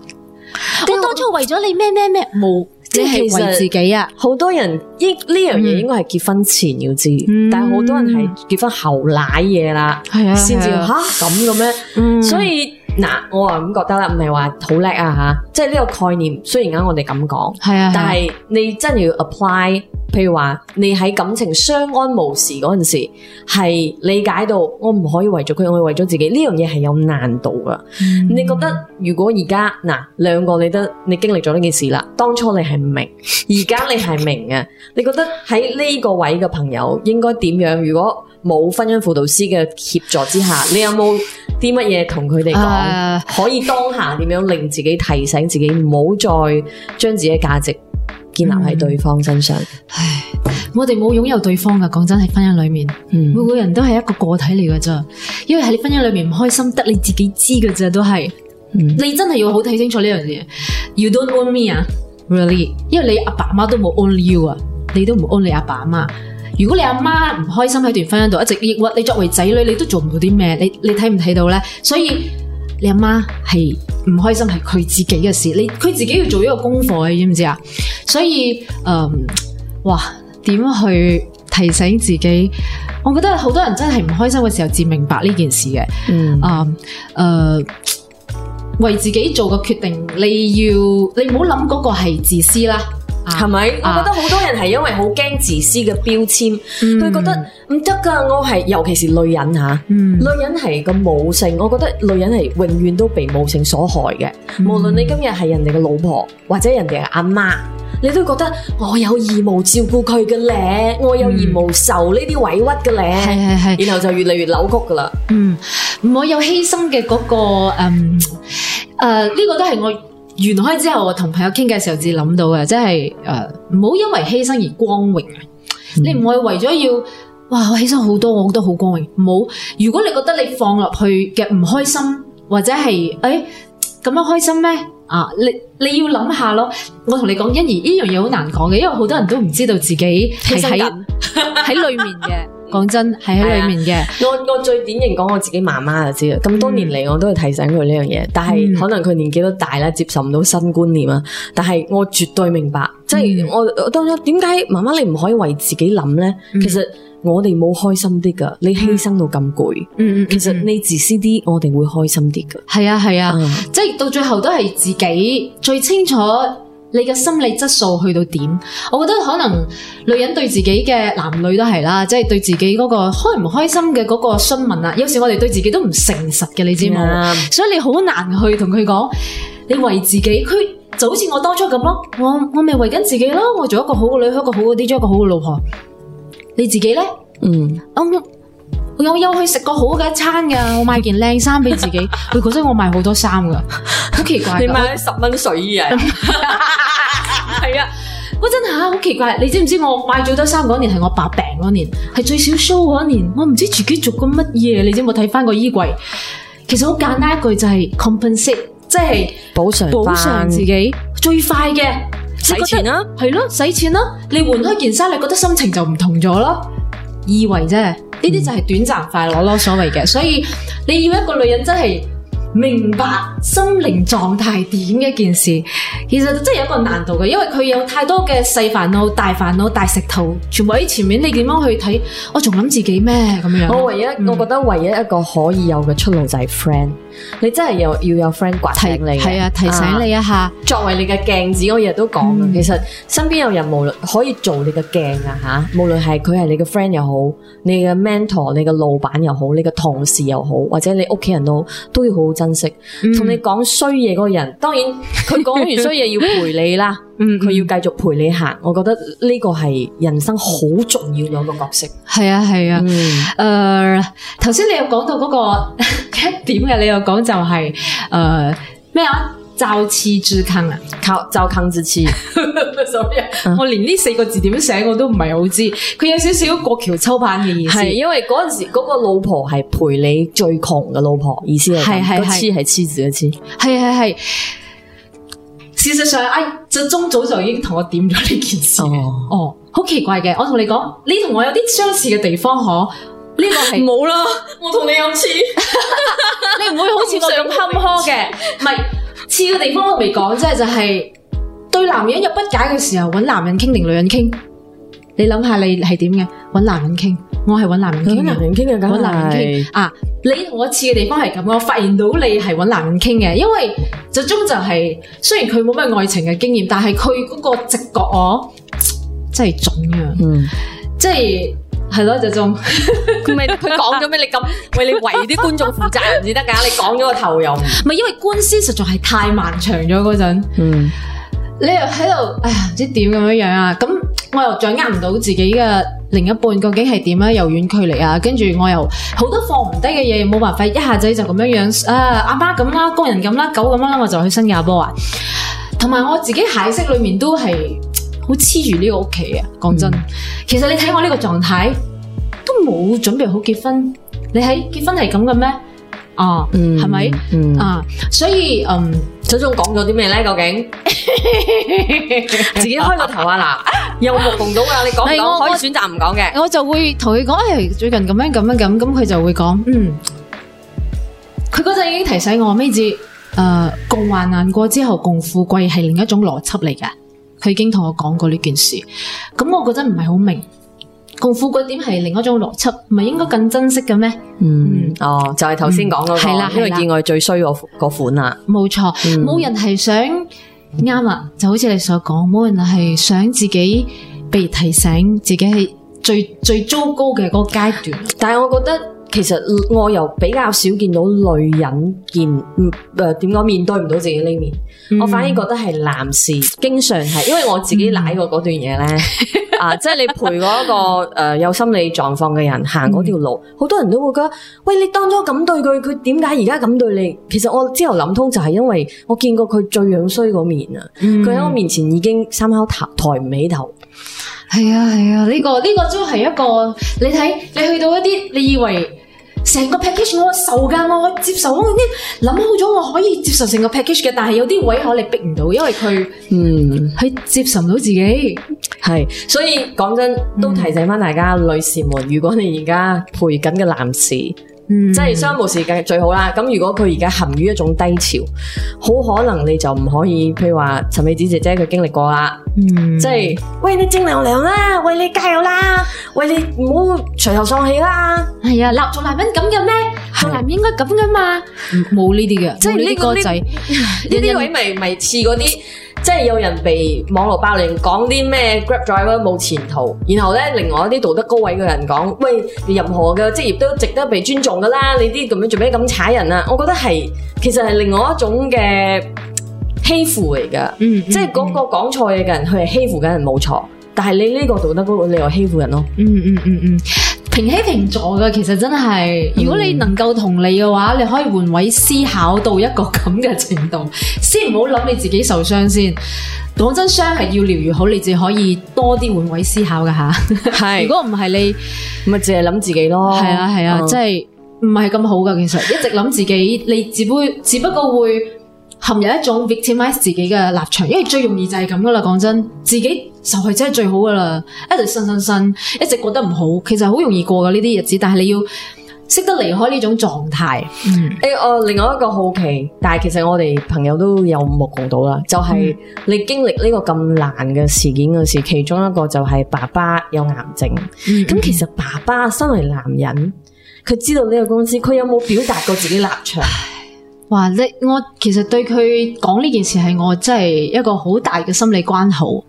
Speaker 1: 我當初為咗你咩咩咩冇，你係為自己啊！好多人，這個，應呢樣嘢應該係結婚前要知，嗯、但係好多人係結婚後瀨嘢啦，先至吓咁嘅所以。嗱，我又咁覺得啦，唔係話好叻啊嚇、啊，即係呢個概念雖然而家我哋咁講，係、啊啊、但係你真要 apply，譬如話你喺感情相安無事嗰陣時，時，係理解到我唔可以為咗佢，我係為咗自己，呢樣嘢係有難度噶。嗯、你覺得如果而家嗱兩個你都你經歷咗呢件事啦，當初你係唔明，而家你係明啊？你覺得喺呢個位嘅朋友應該點樣？如果？冇婚姻輔導師嘅協助之下，你有冇啲乜嘢同佢哋講？Uh, 可以當下點樣令自己提醒自己，唔好再將自己嘅價值建立喺對方身、嗯、上。唉，
Speaker 2: 我哋冇擁有對方噶，講真喺婚姻裏面，嗯、每個人都係一個個體嚟噶咋。因為喺你婚姻裏面唔開心，得你自己知噶咋都係。嗯、你真係要好睇清楚呢樣嘢。You don't own me 啊，really？因為你阿爸阿媽，媽都冇 own you 啊，你都唔 own 你阿爸阿媽。如果你阿媽唔開心喺段婚姻度一直抑鬱，你作為仔女你都做唔到啲咩？你，你睇唔睇到呢？所以你阿媽係唔開心係佢自己嘅事，你佢自己要做一個功課，你知唔知啊？所以誒，哇，呃，點去提醒自己？我覺得好多人真係唔開心嘅時候，才明白呢件事嘅。嗯啊，呃呃、為自己做個決定，你要你唔好諗嗰個係自私啦。係咪？Uh, 我覺得好多人係因為好
Speaker 1: 驚自私嘅標籤，佢、mm. 覺得唔得噶。我係尤其是女人吓，啊 mm. 女人係個母性，我覺得女人係永遠都被母性所害嘅。Mm. 無論你今日係人哋嘅老婆或者人哋嘅阿媽，你都覺得我有義務照顧佢嘅咧，mm. 我有義務受呢啲委屈嘅咧。係係係，然後就越嚟越
Speaker 2: 扭曲噶啦。嗯，mm. 我有犧牲嘅嗰個誒誒，呢、呃呃呃呃這個都係我。完開之後，我同朋友傾偈嘅時候至諗到嘅，即係誒，唔好因為犧牲而光榮啊！嗯、你唔會為咗要哇，我犧牲好多，我覺得好光榮。唔好，如果你覺得你放落去嘅唔開心，或者係誒咁樣開心咩啊？你你要諗下咯。我同你講，欣宜呢樣嘢好難講嘅，因為好多人都唔知
Speaker 1: 道自己係喺
Speaker 2: 喺裏面嘅。
Speaker 1: 講真係喺裏面嘅，我、啊、我最典型講我自己媽媽就知啦。咁多年嚟，我都係提醒佢呢樣嘢，但係可能佢年紀都大啦，接受唔到新觀念啊。但係我絕對明白，即、就、係、是、我當咗點解媽媽你唔可以為自己諗呢？嗯、其實我哋冇開心啲噶，你犧牲到咁攰，嗯嗯，嗯其實你自私啲，我哋會開心啲噶。係啊係啊，啊啊嗯、
Speaker 2: 即係到最後都係自己最清楚。你嘅心理質素去到點？我覺得可能女人對自己嘅男女都係啦，即係對自己嗰個開唔開心嘅嗰個詢問啊。有時我哋對自己都唔誠實嘅，你知冇？Yeah. 所以你好難去同佢講，你為自己，佢就好似我當初咁咯。我我咪為緊自己咯，我做一個好嘅女孩，一個好嘅 D J，一個好嘅老婆。你自己呢？Mm. 嗯，我又去食過好嘅一餐㗎，我買件靚衫俾自己。我嗰陣我買好多衫㗎，好奇怪。你買
Speaker 1: 十蚊水衣 啊？係
Speaker 2: 啊，嗰陣吓好奇怪。你知唔知道我買最多衫嗰年係我爸爸病嗰年，係最少 show 嗰年。我唔知自己做過乜嘢，你知冇，睇翻個衣櫃。其實好簡單一句就係 compensate，即係補償、補償自己。最快嘅使錢啦、啊，係咯，使錢啦、啊。錢啊、你換換開件衫，你覺得心情就唔同咗啦。以為啫，呢啲就係短暫快樂咯，所謂嘅。所以，你以為一個女人真係。明白心靈狀態點嘅一件事，其實真係有一個難度嘅，因為佢有太多嘅細煩惱、大煩惱、大石頭，全部喺前面，你點樣去睇？我仲諗自己咩咁樣？我唯
Speaker 1: 一我覺得唯一一個可以有嘅出路就係 friend，你真係有要有 friend 刮你，係啊，提醒你一下，作為你嘅鏡子，我日日都講啊。其實身邊有人無論可以做你嘅鏡啊吓，無論係佢係你嘅 friend 又好，你嘅 mentor、你嘅老闆又好，你嘅同事又好，或者你屋企人都都要好。珍惜同你講衰嘢嗰個人，當然佢講完衰嘢要陪你啦，佢、 嗯嗯、要繼續陪你行。我覺得呢個係人生好重要兩個角色。
Speaker 2: 係啊係啊，誒、啊，頭先你有講到嗰個一點嘅，uh, 你又講就係誒咩啊？ 糟妻之坑 Sorry, 啊，糟糟坑之妻。所以，我連呢四個字點
Speaker 1: 寫我都唔係好知。佢有少少過橋抽板嘅意思，因為嗰陣時嗰、那個老婆係陪你最窮嘅老婆，意思係。係係係。黐係黐住嘅黐，係係係。
Speaker 2: 事實上，阿曾宗早就已經同我點咗呢件事哦，哦，好奇怪嘅，我同你講，你同我有啲相似嘅地方，嗬，呢、這個係冇啦，我同你有黐， 你唔會好似 我咁坎坷嘅，唔係。次嘅地方我未講，即係就係、是、對男人有不解嘅時候，揾男人傾定女人傾？你諗下你係點嘅？揾男人傾，我係揾男人傾。佢揾男人傾嘅咁揾男人傾啊！你同我似嘅地方係咁，我發現到你係揾男人傾嘅，因為最終就係、就是、雖然佢冇咩愛情嘅經驗，但係佢嗰個直覺我真係準嘅，嗯、即係是。係咯，就仲咪佢講咗咩？你咁
Speaker 1: 為你為啲觀眾負責任至得㗎？你講咗個頭又
Speaker 2: 唔咪因為官司實在係太漫長咗嗰陣，嗯，你又喺度，哎呀，唔知點咁樣樣啊？咁我又掌握唔到自己嘅另一半究竟係點啊？又遠距離啊？跟住我又好多放唔低嘅嘢，冇辦法，一下子就咁樣樣啊！阿媽咁啦，工人咁啦，狗咁啦，我就去新加坡啊！同埋我自己解釋裏面都係。好黐住呢個屋企啊！講真，其實你睇我呢個狀態，都冇準備好結婚。你喺結婚係咁嘅咩？啊，係咪、嗯嗯、啊？所以嗯，小鍾講咗啲咩
Speaker 1: 咧？究竟 自己開個頭啊嗱， 有冇共到啊？你講講，可以選擇唔講嘅。
Speaker 2: 我就會同佢講，誒、哎，最近咁樣咁樣咁，咁佢就會講，嗯，佢嗰陣已經提醒我，妹子，誒、呃，共患難過之後，共富貴係另一種邏輯嚟嘅。佢已經同我講過呢件事，咁我覺得唔係好明，共富貴點係另一種邏輯，唔係應該更珍惜嘅咩？
Speaker 1: 嗯，哦，就係頭先講嗰個，係啦、嗯，因為意外最衰嗰嗰款啦，冇錯、嗯，冇人
Speaker 2: 係想啱啦，就好似你所講，冇人係想自己被提
Speaker 1: 醒自己係最最糟糕嘅嗰個階段，但係我覺得。其實我又比較少見到女人見唔誒點解面對唔到自己呢面，嗯、我反而覺得係男士經常係，因為我自己舐過嗰段嘢咧、嗯、啊，即係你陪嗰個有心理狀況嘅人行嗰條路，好、嗯、多人都會覺得喂你當初咁對佢，佢點解而家咁對你？其實我之後諗通就係因為我見過佢最樣衰嗰面啊，佢喺我面前已經三口抬抬唔起頭。
Speaker 2: 係啊係啊，呢、嗯 哎哎呢個呢、呢個都係、呢個、一個
Speaker 1: 你睇你去到一啲你以為。
Speaker 2: 成個 package 我受㗎，我接受。我已諗好咗，我可以接受成個 package 嘅。但係有啲
Speaker 1: 位可能你逼唔到，因為佢，嗯，佢接受唔到自己。係，所以講真，都提醒返大家，嗯、女士們，如果你而家陪緊嘅男士，嗯、即係商務事界最好啦。咁如果佢而家陷於一種低潮，好可能你就唔可以。譬如話陳美子姐姐佢經歷過啦。即係為你正能量啦，為你加油啦，為你唔好垂頭喪氣啦。係啊，男做男人咁嘅咩？做男人應該咁噶嘛？
Speaker 2: 冇呢啲
Speaker 1: 嘅，即係呢個仔，呢啲位咪咪似嗰啲，即係有人被網絡霸凌，講啲咩 Grab driver 冇前途，然後咧，另外一啲道德高位嘅人講，喂，任何嘅職業都值得被尊重噶啦，你啲咁樣做咩咁踩人啊？我覺得係，其實係另外一種嘅。欺負嚟噶，即係嗰個講錯嘢嘅人，佢係欺負嘅人冇錯。但係你呢個道德嗰個，你又欺負人咯。嗯嗯
Speaker 2: 嗯嗯，平起平坐噶，其實真係。如果你能夠同你嘅話，你可以換位思考到一個咁嘅程度。先唔好諗你自己受傷先，講真傷係要療癒好，你先可以多啲換位思考噶吓。係，如果唔係你咪淨係諗自己咯。係啊係啊，即係唔係咁好噶。其實一直諗自己，你只不只不過會。含有一種 victimize 自己嘅立場，因為最容易就係咁噶啦。講真，自己受害真係最好噶啦，一直信信信，一直覺得唔好，其實好容易過噶呢啲日子。但係你要識得離
Speaker 1: 開呢種狀態。誒、嗯，我、欸呃、另外一個好奇，但係其實我哋朋友都有目共睹到就係、是、你經歷呢個咁難嘅事件嘅時候，其中一個就係爸爸有癌症。咁、嗯嗯、其實爸爸身為男人，佢知道呢個公司，佢有冇表達過自己立場？哇！你我其實對佢講
Speaker 2: 呢件事係我真係一個好大嘅心理關口，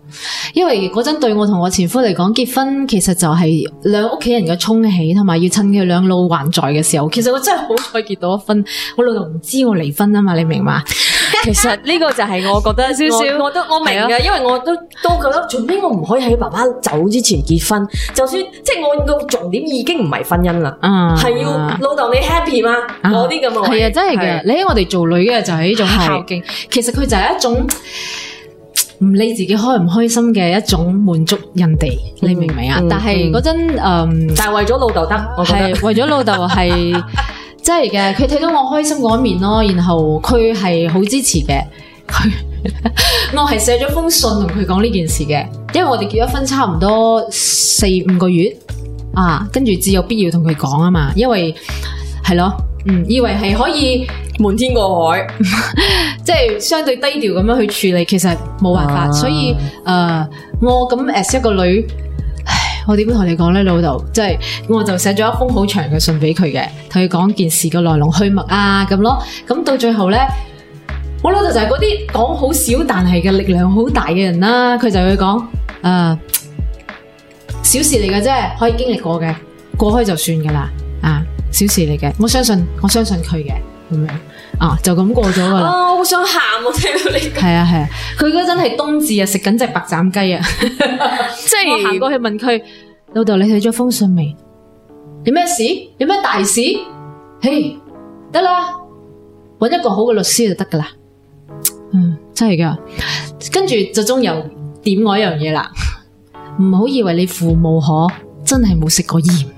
Speaker 2: 因為嗰陣，對我同我前夫嚟講結婚其實就係兩屋企人嘅沖喜，同埋要趁佢兩老還在嘅時候，其實我真係好快結到一婚，我老豆唔知我離婚啊嘛，你明嘛？其實呢個
Speaker 1: 就係我覺得少少，我都我明嘅，因為我都都覺得，做咩我唔可以喺爸爸走之前結婚，就算即我個重點已經唔係婚姻啦，係要老豆你 happy 嘛？嗰啲咁啊係啊，真係嘅，你喺我哋做女嘅就係一種孝敬，其實佢
Speaker 2: 就係一種唔理自己開唔開心嘅一種滿足人哋，你明唔明啊？但係嗰陣但係為
Speaker 1: 咗老豆得，係為
Speaker 2: 咗老豆係。真係嘅，佢睇到我開心嗰一面咯，然後佢係好支持嘅。佢 我係寫咗封信同佢講呢件事嘅，因為我哋結咗婚差唔多四五個月啊，跟住至有必要同佢講啊嘛，因為係咯，嗯，以為係可以瞞 天過海，即係 相對低調咁樣去處理，其實冇辦法，啊、所以誒、呃，我咁 as 一個女。我點樣同你講呢？老豆，即係我就寫咗一封好長嘅信俾佢嘅，同佢講件事嘅來龍去脈啊，咁咯，咁到最後呢，我老豆就係嗰啲講好少但係嘅力量好大嘅人啦，啊，佢就會講，誒、呃，小事嚟嘅啫，可以經歷過嘅，過去就算噶啦，啊，小事嚟嘅，我相信，我相信佢嘅，啊，就咁過咗噶、哦、我好
Speaker 1: 想喊我、啊、聽到
Speaker 2: 你。句。係啊係啊，佢嗰陣係冬至啊，食緊隻白斬雞啊，即係我行過去問佢：老豆， 你睇咗封信未？有咩事？有咩大事？嘿，得啦，搵一個好嘅律師就得噶啦。 嗯，真係噶。 跟住就終又點我一樣嘢啦，唔 好以為你父母可真係冇食過鹽。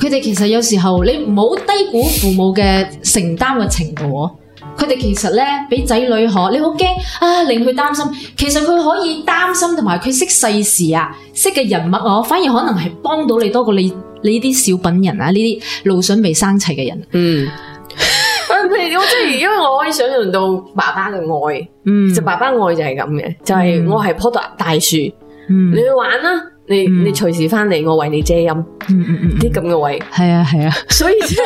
Speaker 2: 佢哋其實有時候你唔好低估父母嘅承擔嘅程度。佢哋其實咧俾仔女學你好驚啊，令佢擔心。其實佢可以擔心同埋佢識世事啊，識嘅人物哦，反而可能係幫到你多過你你啲小品人啊，呢啲
Speaker 1: 腦囟未生齊嘅人。嗯，譬如我即如果為我可以想象到爸爸嘅愛。嗯，其實爸爸愛就係咁嘅，就係、是、我係棵大樹，嗯，你去玩啦。你你隨時翻嚟，我為你遮陰、嗯。嗯嗯嗯，啲咁嘅位係啊係啊，所以所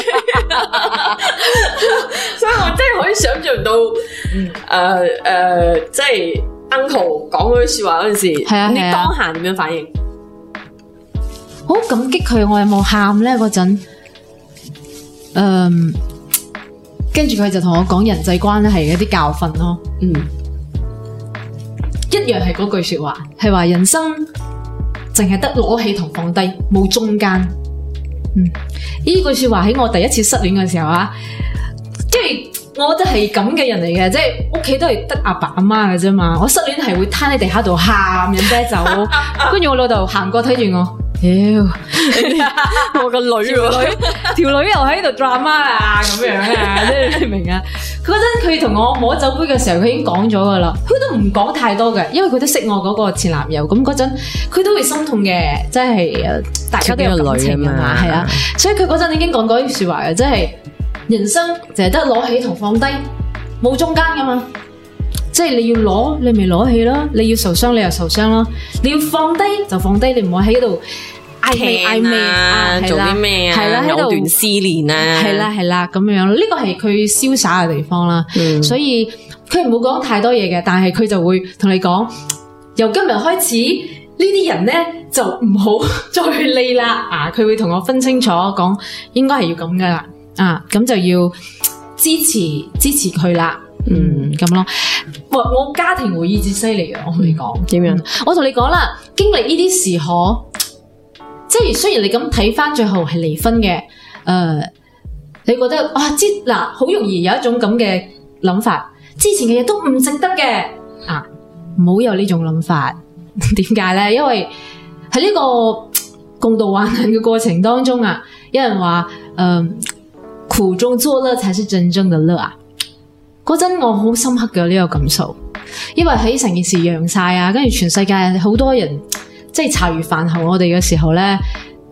Speaker 1: 以，我真係可以想象到，誒誒、嗯呃呃，即係 Uncle 講嗰啲說話嗰陣時，係啊，係啊，你當下點樣反應？
Speaker 2: 好、哦、感激佢，我有冇喊咧嗰陣？嗯，跟住佢就同我講人際關係係一啲教訓咯，嗯，一樣係嗰句說話，係話人生。淨係得攞起同放低，冇中間。嗯，呢句說話喺我第一次失戀嘅時候啊，即係我都係咁嘅人嚟嘅，即係屋企都係得阿爸阿媽嘅啫嘛。我失戀係會攤喺地下度喊，飲啤酒，跟住 我老豆行過睇住我。屌，
Speaker 1: 我個女、啊、 女，
Speaker 2: 條女又喺度 drama 啊，咁樣啊，即係你明啊？佢嗰陣佢同我摸酒杯嘅時候，佢已經講咗噶啦，佢都唔講太多嘅，因為佢都識我嗰個前男友。咁嗰陣佢都會心痛嘅，即係誒，大家嘅感情女嘛啊，係啊。所以佢嗰陣已經講過一句說話嘅，即係人生淨係得攞起同放低，冇中間噶嘛。即係你要攞，你咪攞起咯；你要受傷，你又受傷咯。你要放低就放低，你唔好喺度。嗌咩嗌咩啊？做啲咩啊？係、嗯、啦，喺度、啊、思
Speaker 1: 念啦、啊，係啦係
Speaker 2: 啦，咁樣樣呢、呢個係佢瀟灑嘅地方啦。嗯、所以佢冇講太多嘢嘅，但係佢就會同你講，由今日開始呢啲人咧就唔好再理啦啊！佢會同我分清楚講，應該係要咁噶啦啊，咁就要支持支持佢啦，嗯咁咯。我、呃、我家庭會議最犀利嘅，我同你講點樣？嗯、我同你講啦，經歷呢啲時候。即係雖然你咁睇翻最後係離婚嘅，誒、呃，你覺得啊之嗱好容易有一種咁嘅諗法，之前嘅嘢都唔值得嘅啊，唔好有呢種諗法。點解咧？因為喺呢個共度患難嘅過程當中啊，有人話誒、呃，苦中作樂才是真正嘅樂啊。嗰陣我好深刻嘅呢個感受，因為喺成件事揚晒啊，跟住全世界好多人。即係茶餘飯後我、呃，我哋嘅時候咧，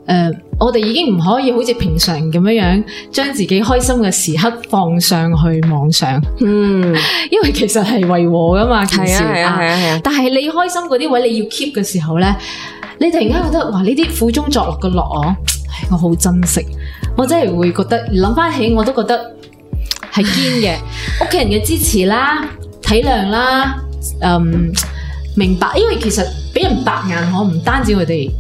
Speaker 2: 誒，我哋已經唔可以好似平常咁樣樣，將自己開心嘅時刻放上去網上。嗯，因為其實係違和噶嘛、啊、件事係啊係啊係啊，啊但係你開心嗰啲位，你要 keep 嘅時候咧，你突然間覺得，哇！呢啲苦中作樂嘅樂，我我好珍惜。我真係會覺得，諗翻起我都覺得係堅嘅。屋企 人嘅支持啦，體諒啦，嗯。明白，因為其實俾人白眼，我唔單止佢哋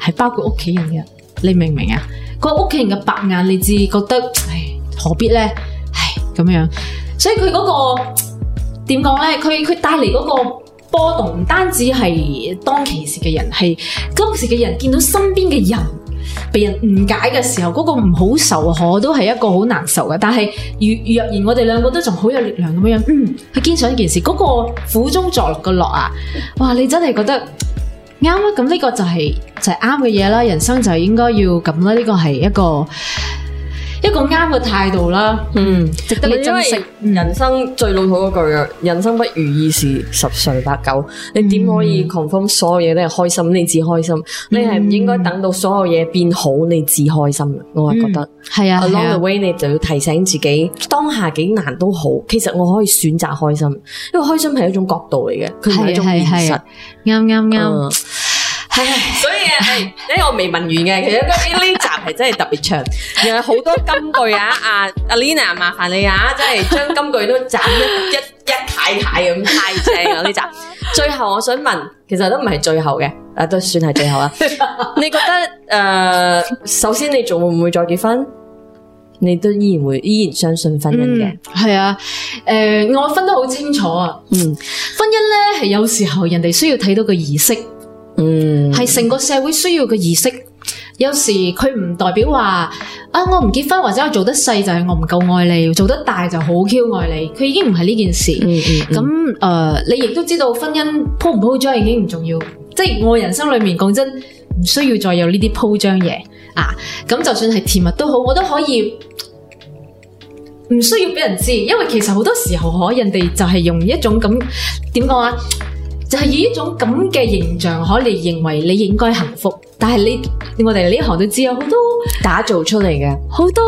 Speaker 2: 係包括屋企人嘅，你明唔明啊？個屋企人嘅白眼，你至覺得唉何必呢？唉咁樣，所以佢嗰個點講呢？佢佢帶嚟嗰個波動唔單止係當其時嘅人，係今時嘅人見到身邊嘅人。被人誤解嘅時候，嗰個唔好受啊，我都係一個好難受嘅。但係如若然我哋兩個都仲好有力量咁樣，去堅持一件事，嗰個苦中作樂嘅樂啊，哇！你真係覺得啱啊！咁呢個就係就係啱嘅嘢啦，人生就係應該要咁啦，呢個係一個。一個啱嘅態度啦，嗯，你真係。
Speaker 1: 人生最老土嗰句啊，嗯、人生不如意事十常八九，你點可以 confirm 所有嘢都係開，開心？嗯、你至開心，你係唔應該等到所有嘢變好，你至開心。嗯、我係覺得，
Speaker 2: 係啊，Along the way
Speaker 1: 你就要提醒自己，當下幾難都好，其實我可以選擇開心，因為開心係一種角度嚟嘅，佢唔係一種現實。啱啱啱。 所以啊，因為我未問完嘅。其實嗰邊呢集係真係特別長，又有好多金句啊！阿阿 Lina 麻煩你啊，真係將金句都斬得一一睇睇咁太正啊！呢集最後我想問，其實都唔係最後嘅，啊都算係最後啊。你覺得誒、呃，首先你仲會唔會再結婚？你都依然會依然相信婚姻嘅？
Speaker 2: 係、嗯、啊，誒、呃，我分得好清楚啊。嗯，婚姻咧係有時候人哋需要睇到個儀式。嗯，係成個社會需要嘅儀式。有時佢唔代表話啊，我唔結婚或者我做得細就係我唔夠愛你，做得大就好 Q 愛你，佢已經唔係呢件事。咁誒，你亦都知道婚姻鋪唔鋪張已經唔重要，即係我人生裏面講真，唔需要再有呢啲鋪張嘢啊。咁就算係甜蜜都好，我都可以唔需要俾人知，因為其實好多時候可人哋就係用一種咁點講啊？就係以呢種咁嘅形象，可你認為你應該幸福？但係你我哋呢行都知道有好多打造出嚟嘅，好 多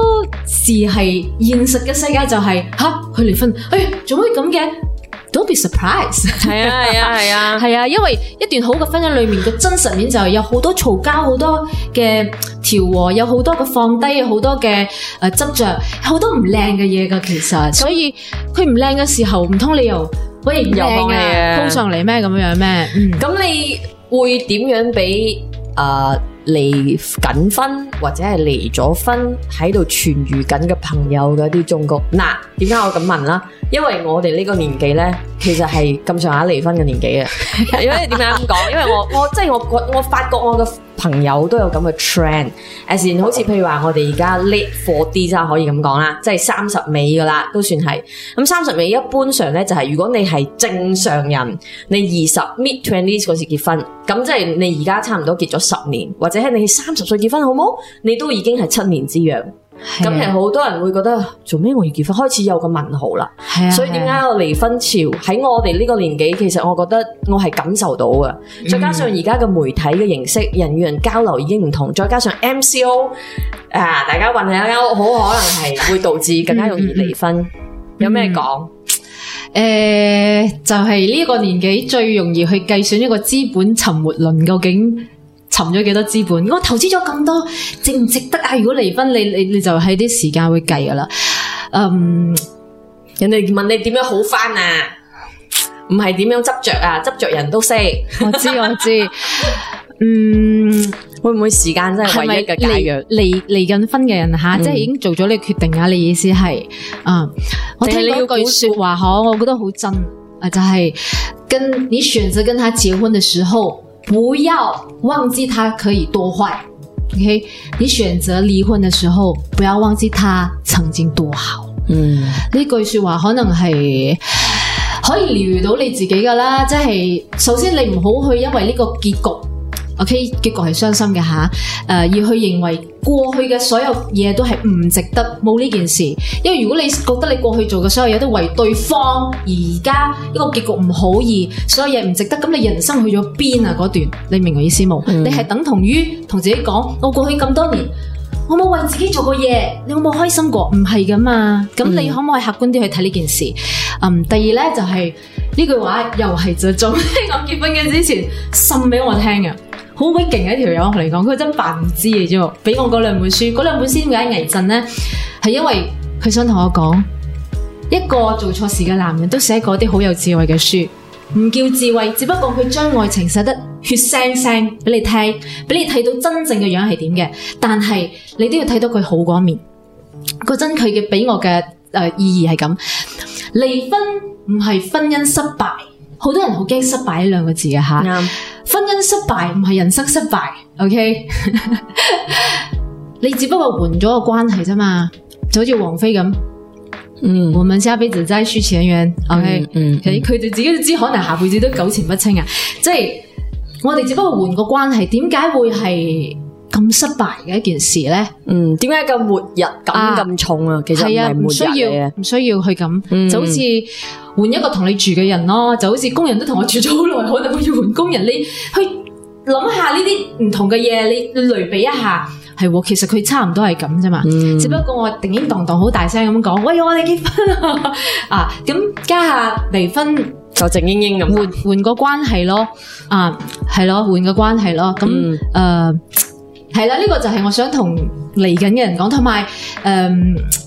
Speaker 2: 事係現實嘅世界就係吓佢離婚，哎，做咩咁嘅？Don't be surprised，係 啊係啊係啊係 啊，因為一段好嘅婚姻裏面嘅真實面就係有好多嘈交，好多嘅調和，有好多嘅放低，好多嘅誒執着，好、呃、多唔靚嘅嘢噶，其實 所以佢唔靚嘅時候，唔通你又？喂，聽啊，通常嚟咩咁樣樣咩？咁、嗯、你會點樣
Speaker 1: 俾誒離緊婚或者係離咗婚喺度痊愈緊嘅朋友嘅啲忠告？嗱，點解我咁問啦？因為我哋呢個年紀呢，其實係咁上下離婚嘅年紀啊。因 為點解咁講？因為我我即、就是、我，我發覺我嘅。朋友都有咁嘅 trend，誒，好似譬如話，我哋而家 late forty 可以咁講啦，即係三十尾嘅啦，都算係。咁三十尾一般上咧就係、是，如果你係正常人，你二十 mid twenties 嗰時結婚，咁即係你而家差唔多結咗十年，或者係你三十歲結婚好冇，你都已經係七年之癢。咁其實好多人會覺得做咩我要結婚，開始有個問號啦。啊、所以點解有離婚潮喺、啊啊、我哋呢個年紀？其實我覺得我係感受到嘅。再加上而家嘅媒體嘅形式，嗯、人與人交流已經唔同，再加上 MCO、啊、大家混喺一屋，好可能係會導致更加容易離婚。嗯嗯、有咩講？誒、嗯
Speaker 2: 嗯呃，就係、是、呢個年紀最容易去計算一個資本沉沒論究竟。沉咗幾多資本？我投資咗咁多，值唔值得啊？如果離婚，你你你就喺啲時間會計噶啦。嗯，人哋問你點樣
Speaker 1: 好翻啊？唔係點樣執着啊？執着人都識。我知我知。 嗯，會唔會時間真係唯一嘅解藥？離
Speaker 2: 離緊婚嘅人吓、啊，嗯、即係已經做咗你個決定啊！你意思係？嗯，我聽你嗰句說話可，我覺得好真，就係、是、跟你選擇跟他結婚嘅時候。不要忘記他可以多壞，OK？你選擇離婚的時候，不要忘記他曾經多好。嗯，呢句說話可能係可以療愈到你自己噶啦，即係首先你唔好去因為呢個結局。OK，結局係傷心嘅嚇，要、啊、去認為過去嘅所有嘢都係唔值得，冇呢件事。因為如果你覺得你過去做嘅所有嘢都是為對方，而家呢個結局唔好而所有嘢唔值得，咁你人生去咗邊啊？嗰段你明我意思冇？嗯、你係等同於同自己講，我過去咁多年，我冇為自己做過嘢，你有冇開心過？唔係㗎嘛，咁你可唔可以客觀啲去睇呢件事？嗯，第二呢，就係、是、呢句話又係喺我結婚之前呻俾我聽嘅。好鬼勁嘅一條友我同你講，佢真扮唔知嚟啫。俾我嗰兩本書，嗰兩本書點解危震呢？係因為佢想同我講，一個做錯事嘅男人都寫過啲好有智慧嘅書，唔叫智慧，只不過佢將愛情寫得血腥腥俾你聽，俾你睇到真正嘅樣係點嘅。但係你都要睇到佢好嗰面。個真佢嘅俾我嘅誒意義係咁，離婚唔係婚姻失敗，好多人好驚失敗呢兩個字嘅吓。嗯嗯嗯婚姻失敗唔係人生失敗，OK？ 你只不過換咗個關係啫嘛，就好似王菲咁，嗯，我們下輩子再續前緣，OK？嗯，其實佢、嗯、哋自己都知道可能下輩子都糾纏不清啊，即 係我哋只不過換個關係，點解會係？咁失敗嘅一件事咧，嗯，點解咁活日末日感咁重啊？啊其實係啊，唔需要，唔、嗯、需要去咁，就好似換一個同你住嘅人咯，嗯、就好似工人都同我住咗、嗯、好耐，可能都要換工人。嗯、你去諗下呢啲唔同嘅嘢，你你類比一下，係喎，其實佢差唔多係咁啫嘛，嗯、只不過我叮叮噹噹好大聲咁講，喂我哋結婚啊，咁家下離婚就靜嚶嚶咁，換換個關係咯，啊，係咯，換個關係咯，咁誒。啊係啦，呢、這個就係我想同嚟緊嘅人講，同埋、呃，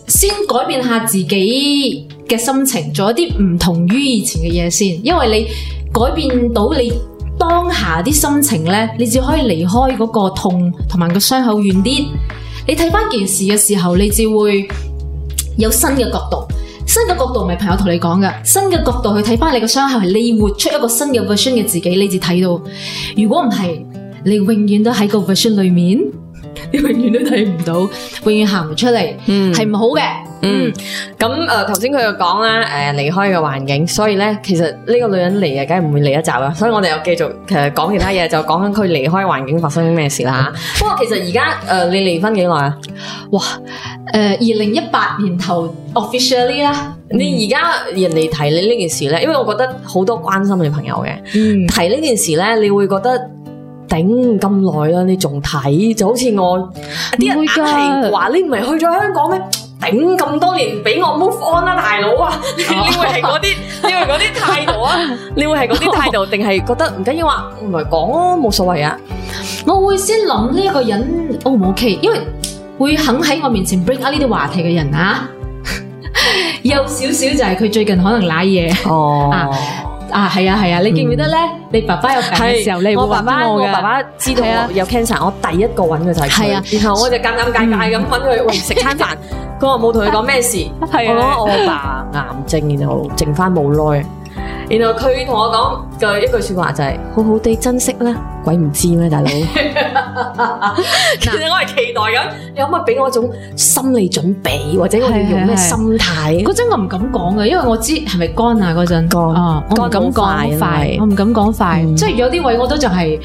Speaker 2: 先改變下自己嘅心情，做一啲唔同於以前嘅嘢先。因為你改變到你當下啲心情呢，你先可以離開嗰個痛同埋個傷口遠啲。你睇返件事嘅時候，你先會有新嘅角度。新嘅角度，唔係朋友同你講㗎，新嘅角度去睇返你個傷口，係你活出一個新嘅 version 嘅自己，你先睇到。如果唔係，
Speaker 1: 你永遠都喺個 version 裏面，你永遠都睇唔到，永遠行唔出嚟，係唔好嘅。嗯，咁誒，頭先佢又講啦，誒，離開嘅環境，所以咧，其實呢個女人嚟啊，梗係唔會離得走啦。所以我哋又繼續其實講其他嘢，就講緊佢離開環境發生咩事啦。不過其實而家誒，你離婚幾耐啊？哇，誒，二零一八年頭 officially 啦，你而家人哋提你呢件事咧，因為我覺得好多關心你朋友嘅，嗯，提呢件事咧，你會覺得。頂咁耐啦，你仲睇就好似我啲人硬係話你唔係去咗香港咩？頂咁多年俾我 move on 啦，啊，大佬啊 你！你會係嗰啲， 你會係嗰啲態度啊？ 你會係嗰啲態度，定係覺得唔緊要啊？唔係講咯，冇所謂啊！謂啊，我會先諗呢一個人 O 唔 O K，因為會肯喺我面前 break up 呢
Speaker 2: 啲話題嘅人啊， 有少少就係佢最近可能瀨嘢哦
Speaker 1: 啊，係啊，係啊，你記唔記得咧？你爸爸有病嘅時候，你我爸爸，我爸爸知道啊，我有 cancer，我第一個揾佢就係，係啊，然後我就尷尬尷尬咁揾佢，喂，食餐飯，佢話冇同佢講咩事，我講我爸癌症，然後剩翻冇耐，然後佢同我講就一句說話就係好好地珍惜啦，鬼唔知咩大佬。 其實我係期待你可唔可以俾我一種心理
Speaker 2: 準備，或者我要用咩心態？嗰陣我唔敢講嘅，因為我知係咪乾啊嗰陣。乾哦，乾嗯、我唔敢講快，我唔敢講快。即係、嗯、有啲位我都就係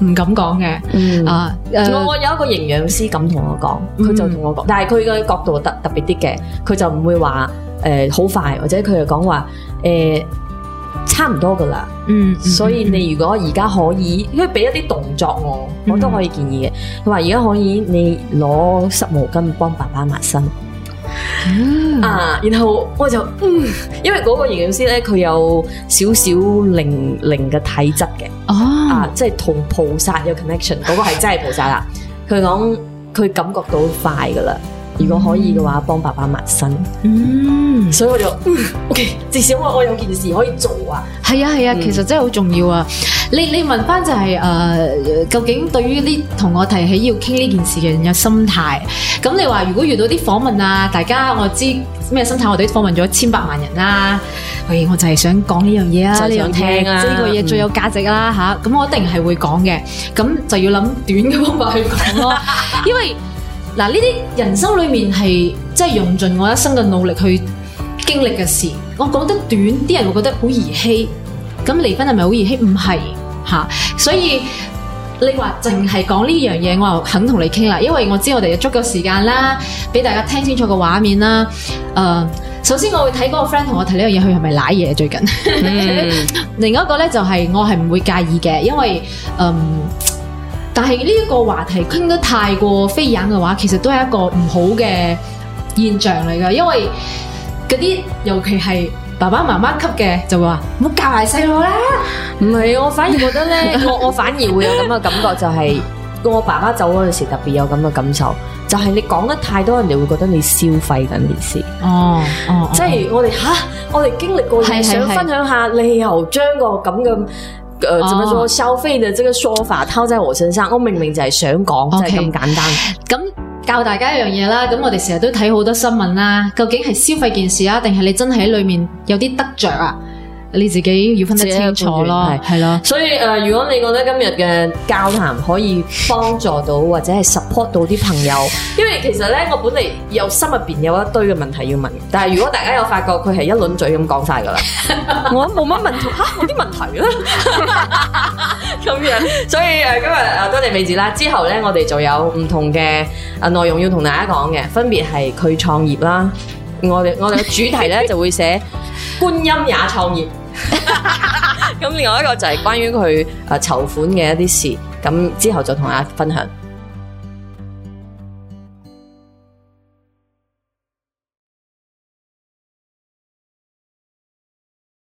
Speaker 2: 唔敢講
Speaker 1: 嘅。嗯啊，誒，我有一個營養師咁同我講，佢就同我講，嗯、但係佢嘅角度特特別啲嘅，佢就唔會話誒好快，或者佢就講話誒。呃差唔多㗎喇，嗯嗯、所以你如果而家可以，因為俾一啲動作我，我都可以建議嘅。佢話、嗯、而家可以，你攞濕毛巾幫爸爸抹身，嗯、啊，然後我就嗯，因為嗰個營養師呢，佢有少少靈靈嘅體質嘅，哦、啊，即係同菩薩有 connection，嗰個係真係菩薩啦。佢講佢感覺到快㗎喇。如果可以嘅話，幫爸爸抹身，嗯，所以我就嗯 OK。至少我我有件事可以做啊。
Speaker 2: 係啊係啊，其實真係好重要啊。你你問翻就係誒，究竟對於啲同我提起要傾呢件事嘅人嘅心態？咁你話如果遇到啲訪問啊，大家我知咩心態，我哋訪問咗千百萬人啦。誒，我就係想講呢樣嘢啊，想聽啊，即呢個嘢最有價值啦吓。咁我一定係會講嘅，咁就要諗短嘅方法去講咯，因為，嗱，呢啲人生裏面係真係用盡我一生嘅努力去經歷嘅事，我講得短，啲人會覺得好兒戲。咁離婚係咪好兒戲？唔係嚇，所以你話淨係講呢樣嘢，嗯、我又肯同你傾啦，因為我知我哋有足夠時間啦，俾大家聽清楚個畫面啦。誒、呃，首先我會睇嗰個 friend 同我提呢樣嘢，佢係咪瀨嘢最近是是？嗯、 另外一個咧就係、是、我係唔會介意嘅，因為誒。呃但係呢一個話題傾得太過飛影嘅話，其實都係一個唔好嘅現象嚟噶，因為嗰啲尤其係爸爸媽媽級嘅就會話唔好教壞細路啦。
Speaker 1: 唔係，我反而覺得咧，我我反而會有咁嘅感覺，就係我爸爸走嗰陣時特別有咁嘅感受，就係你講得太多，人哋會覺得你消費緊件事。哦哦，即係我哋吓，我哋經歷過，係想分享下你由將個咁嘅。誒、呃，怎麼說、oh. 消費的這個說法套在我身上？我明明就係想講，就係咁簡單。咁教大家一樣嘢啦，咁我哋成日都睇
Speaker 2: 好多新聞啦、啊，究竟係消費件事啊，定係你真係喺裏面有啲得着啊？
Speaker 1: 你自己要分得清楚咯對，係咯。所以誒、呃，如果你覺得今日嘅交談可以幫助到或者係 support 到啲朋友，因為其實呢，我本嚟有心入邊有一堆嘅問題要問，但係如果大家有發覺佢係一輪嘴咁講曬噶啦，我冇乜問，嚇啲問題啦。咁、啊、 樣，所以誒、呃、今日誒多謝美子啦。之後呢，我哋就有唔同嘅誒、啊、內容要同大家講嘅，分別係佢創業啦。我哋我哋嘅主題呢 就會寫觀音也創業，咁 另外一個就係關於佢誒籌款嘅一啲事，咁之後就同大家分享。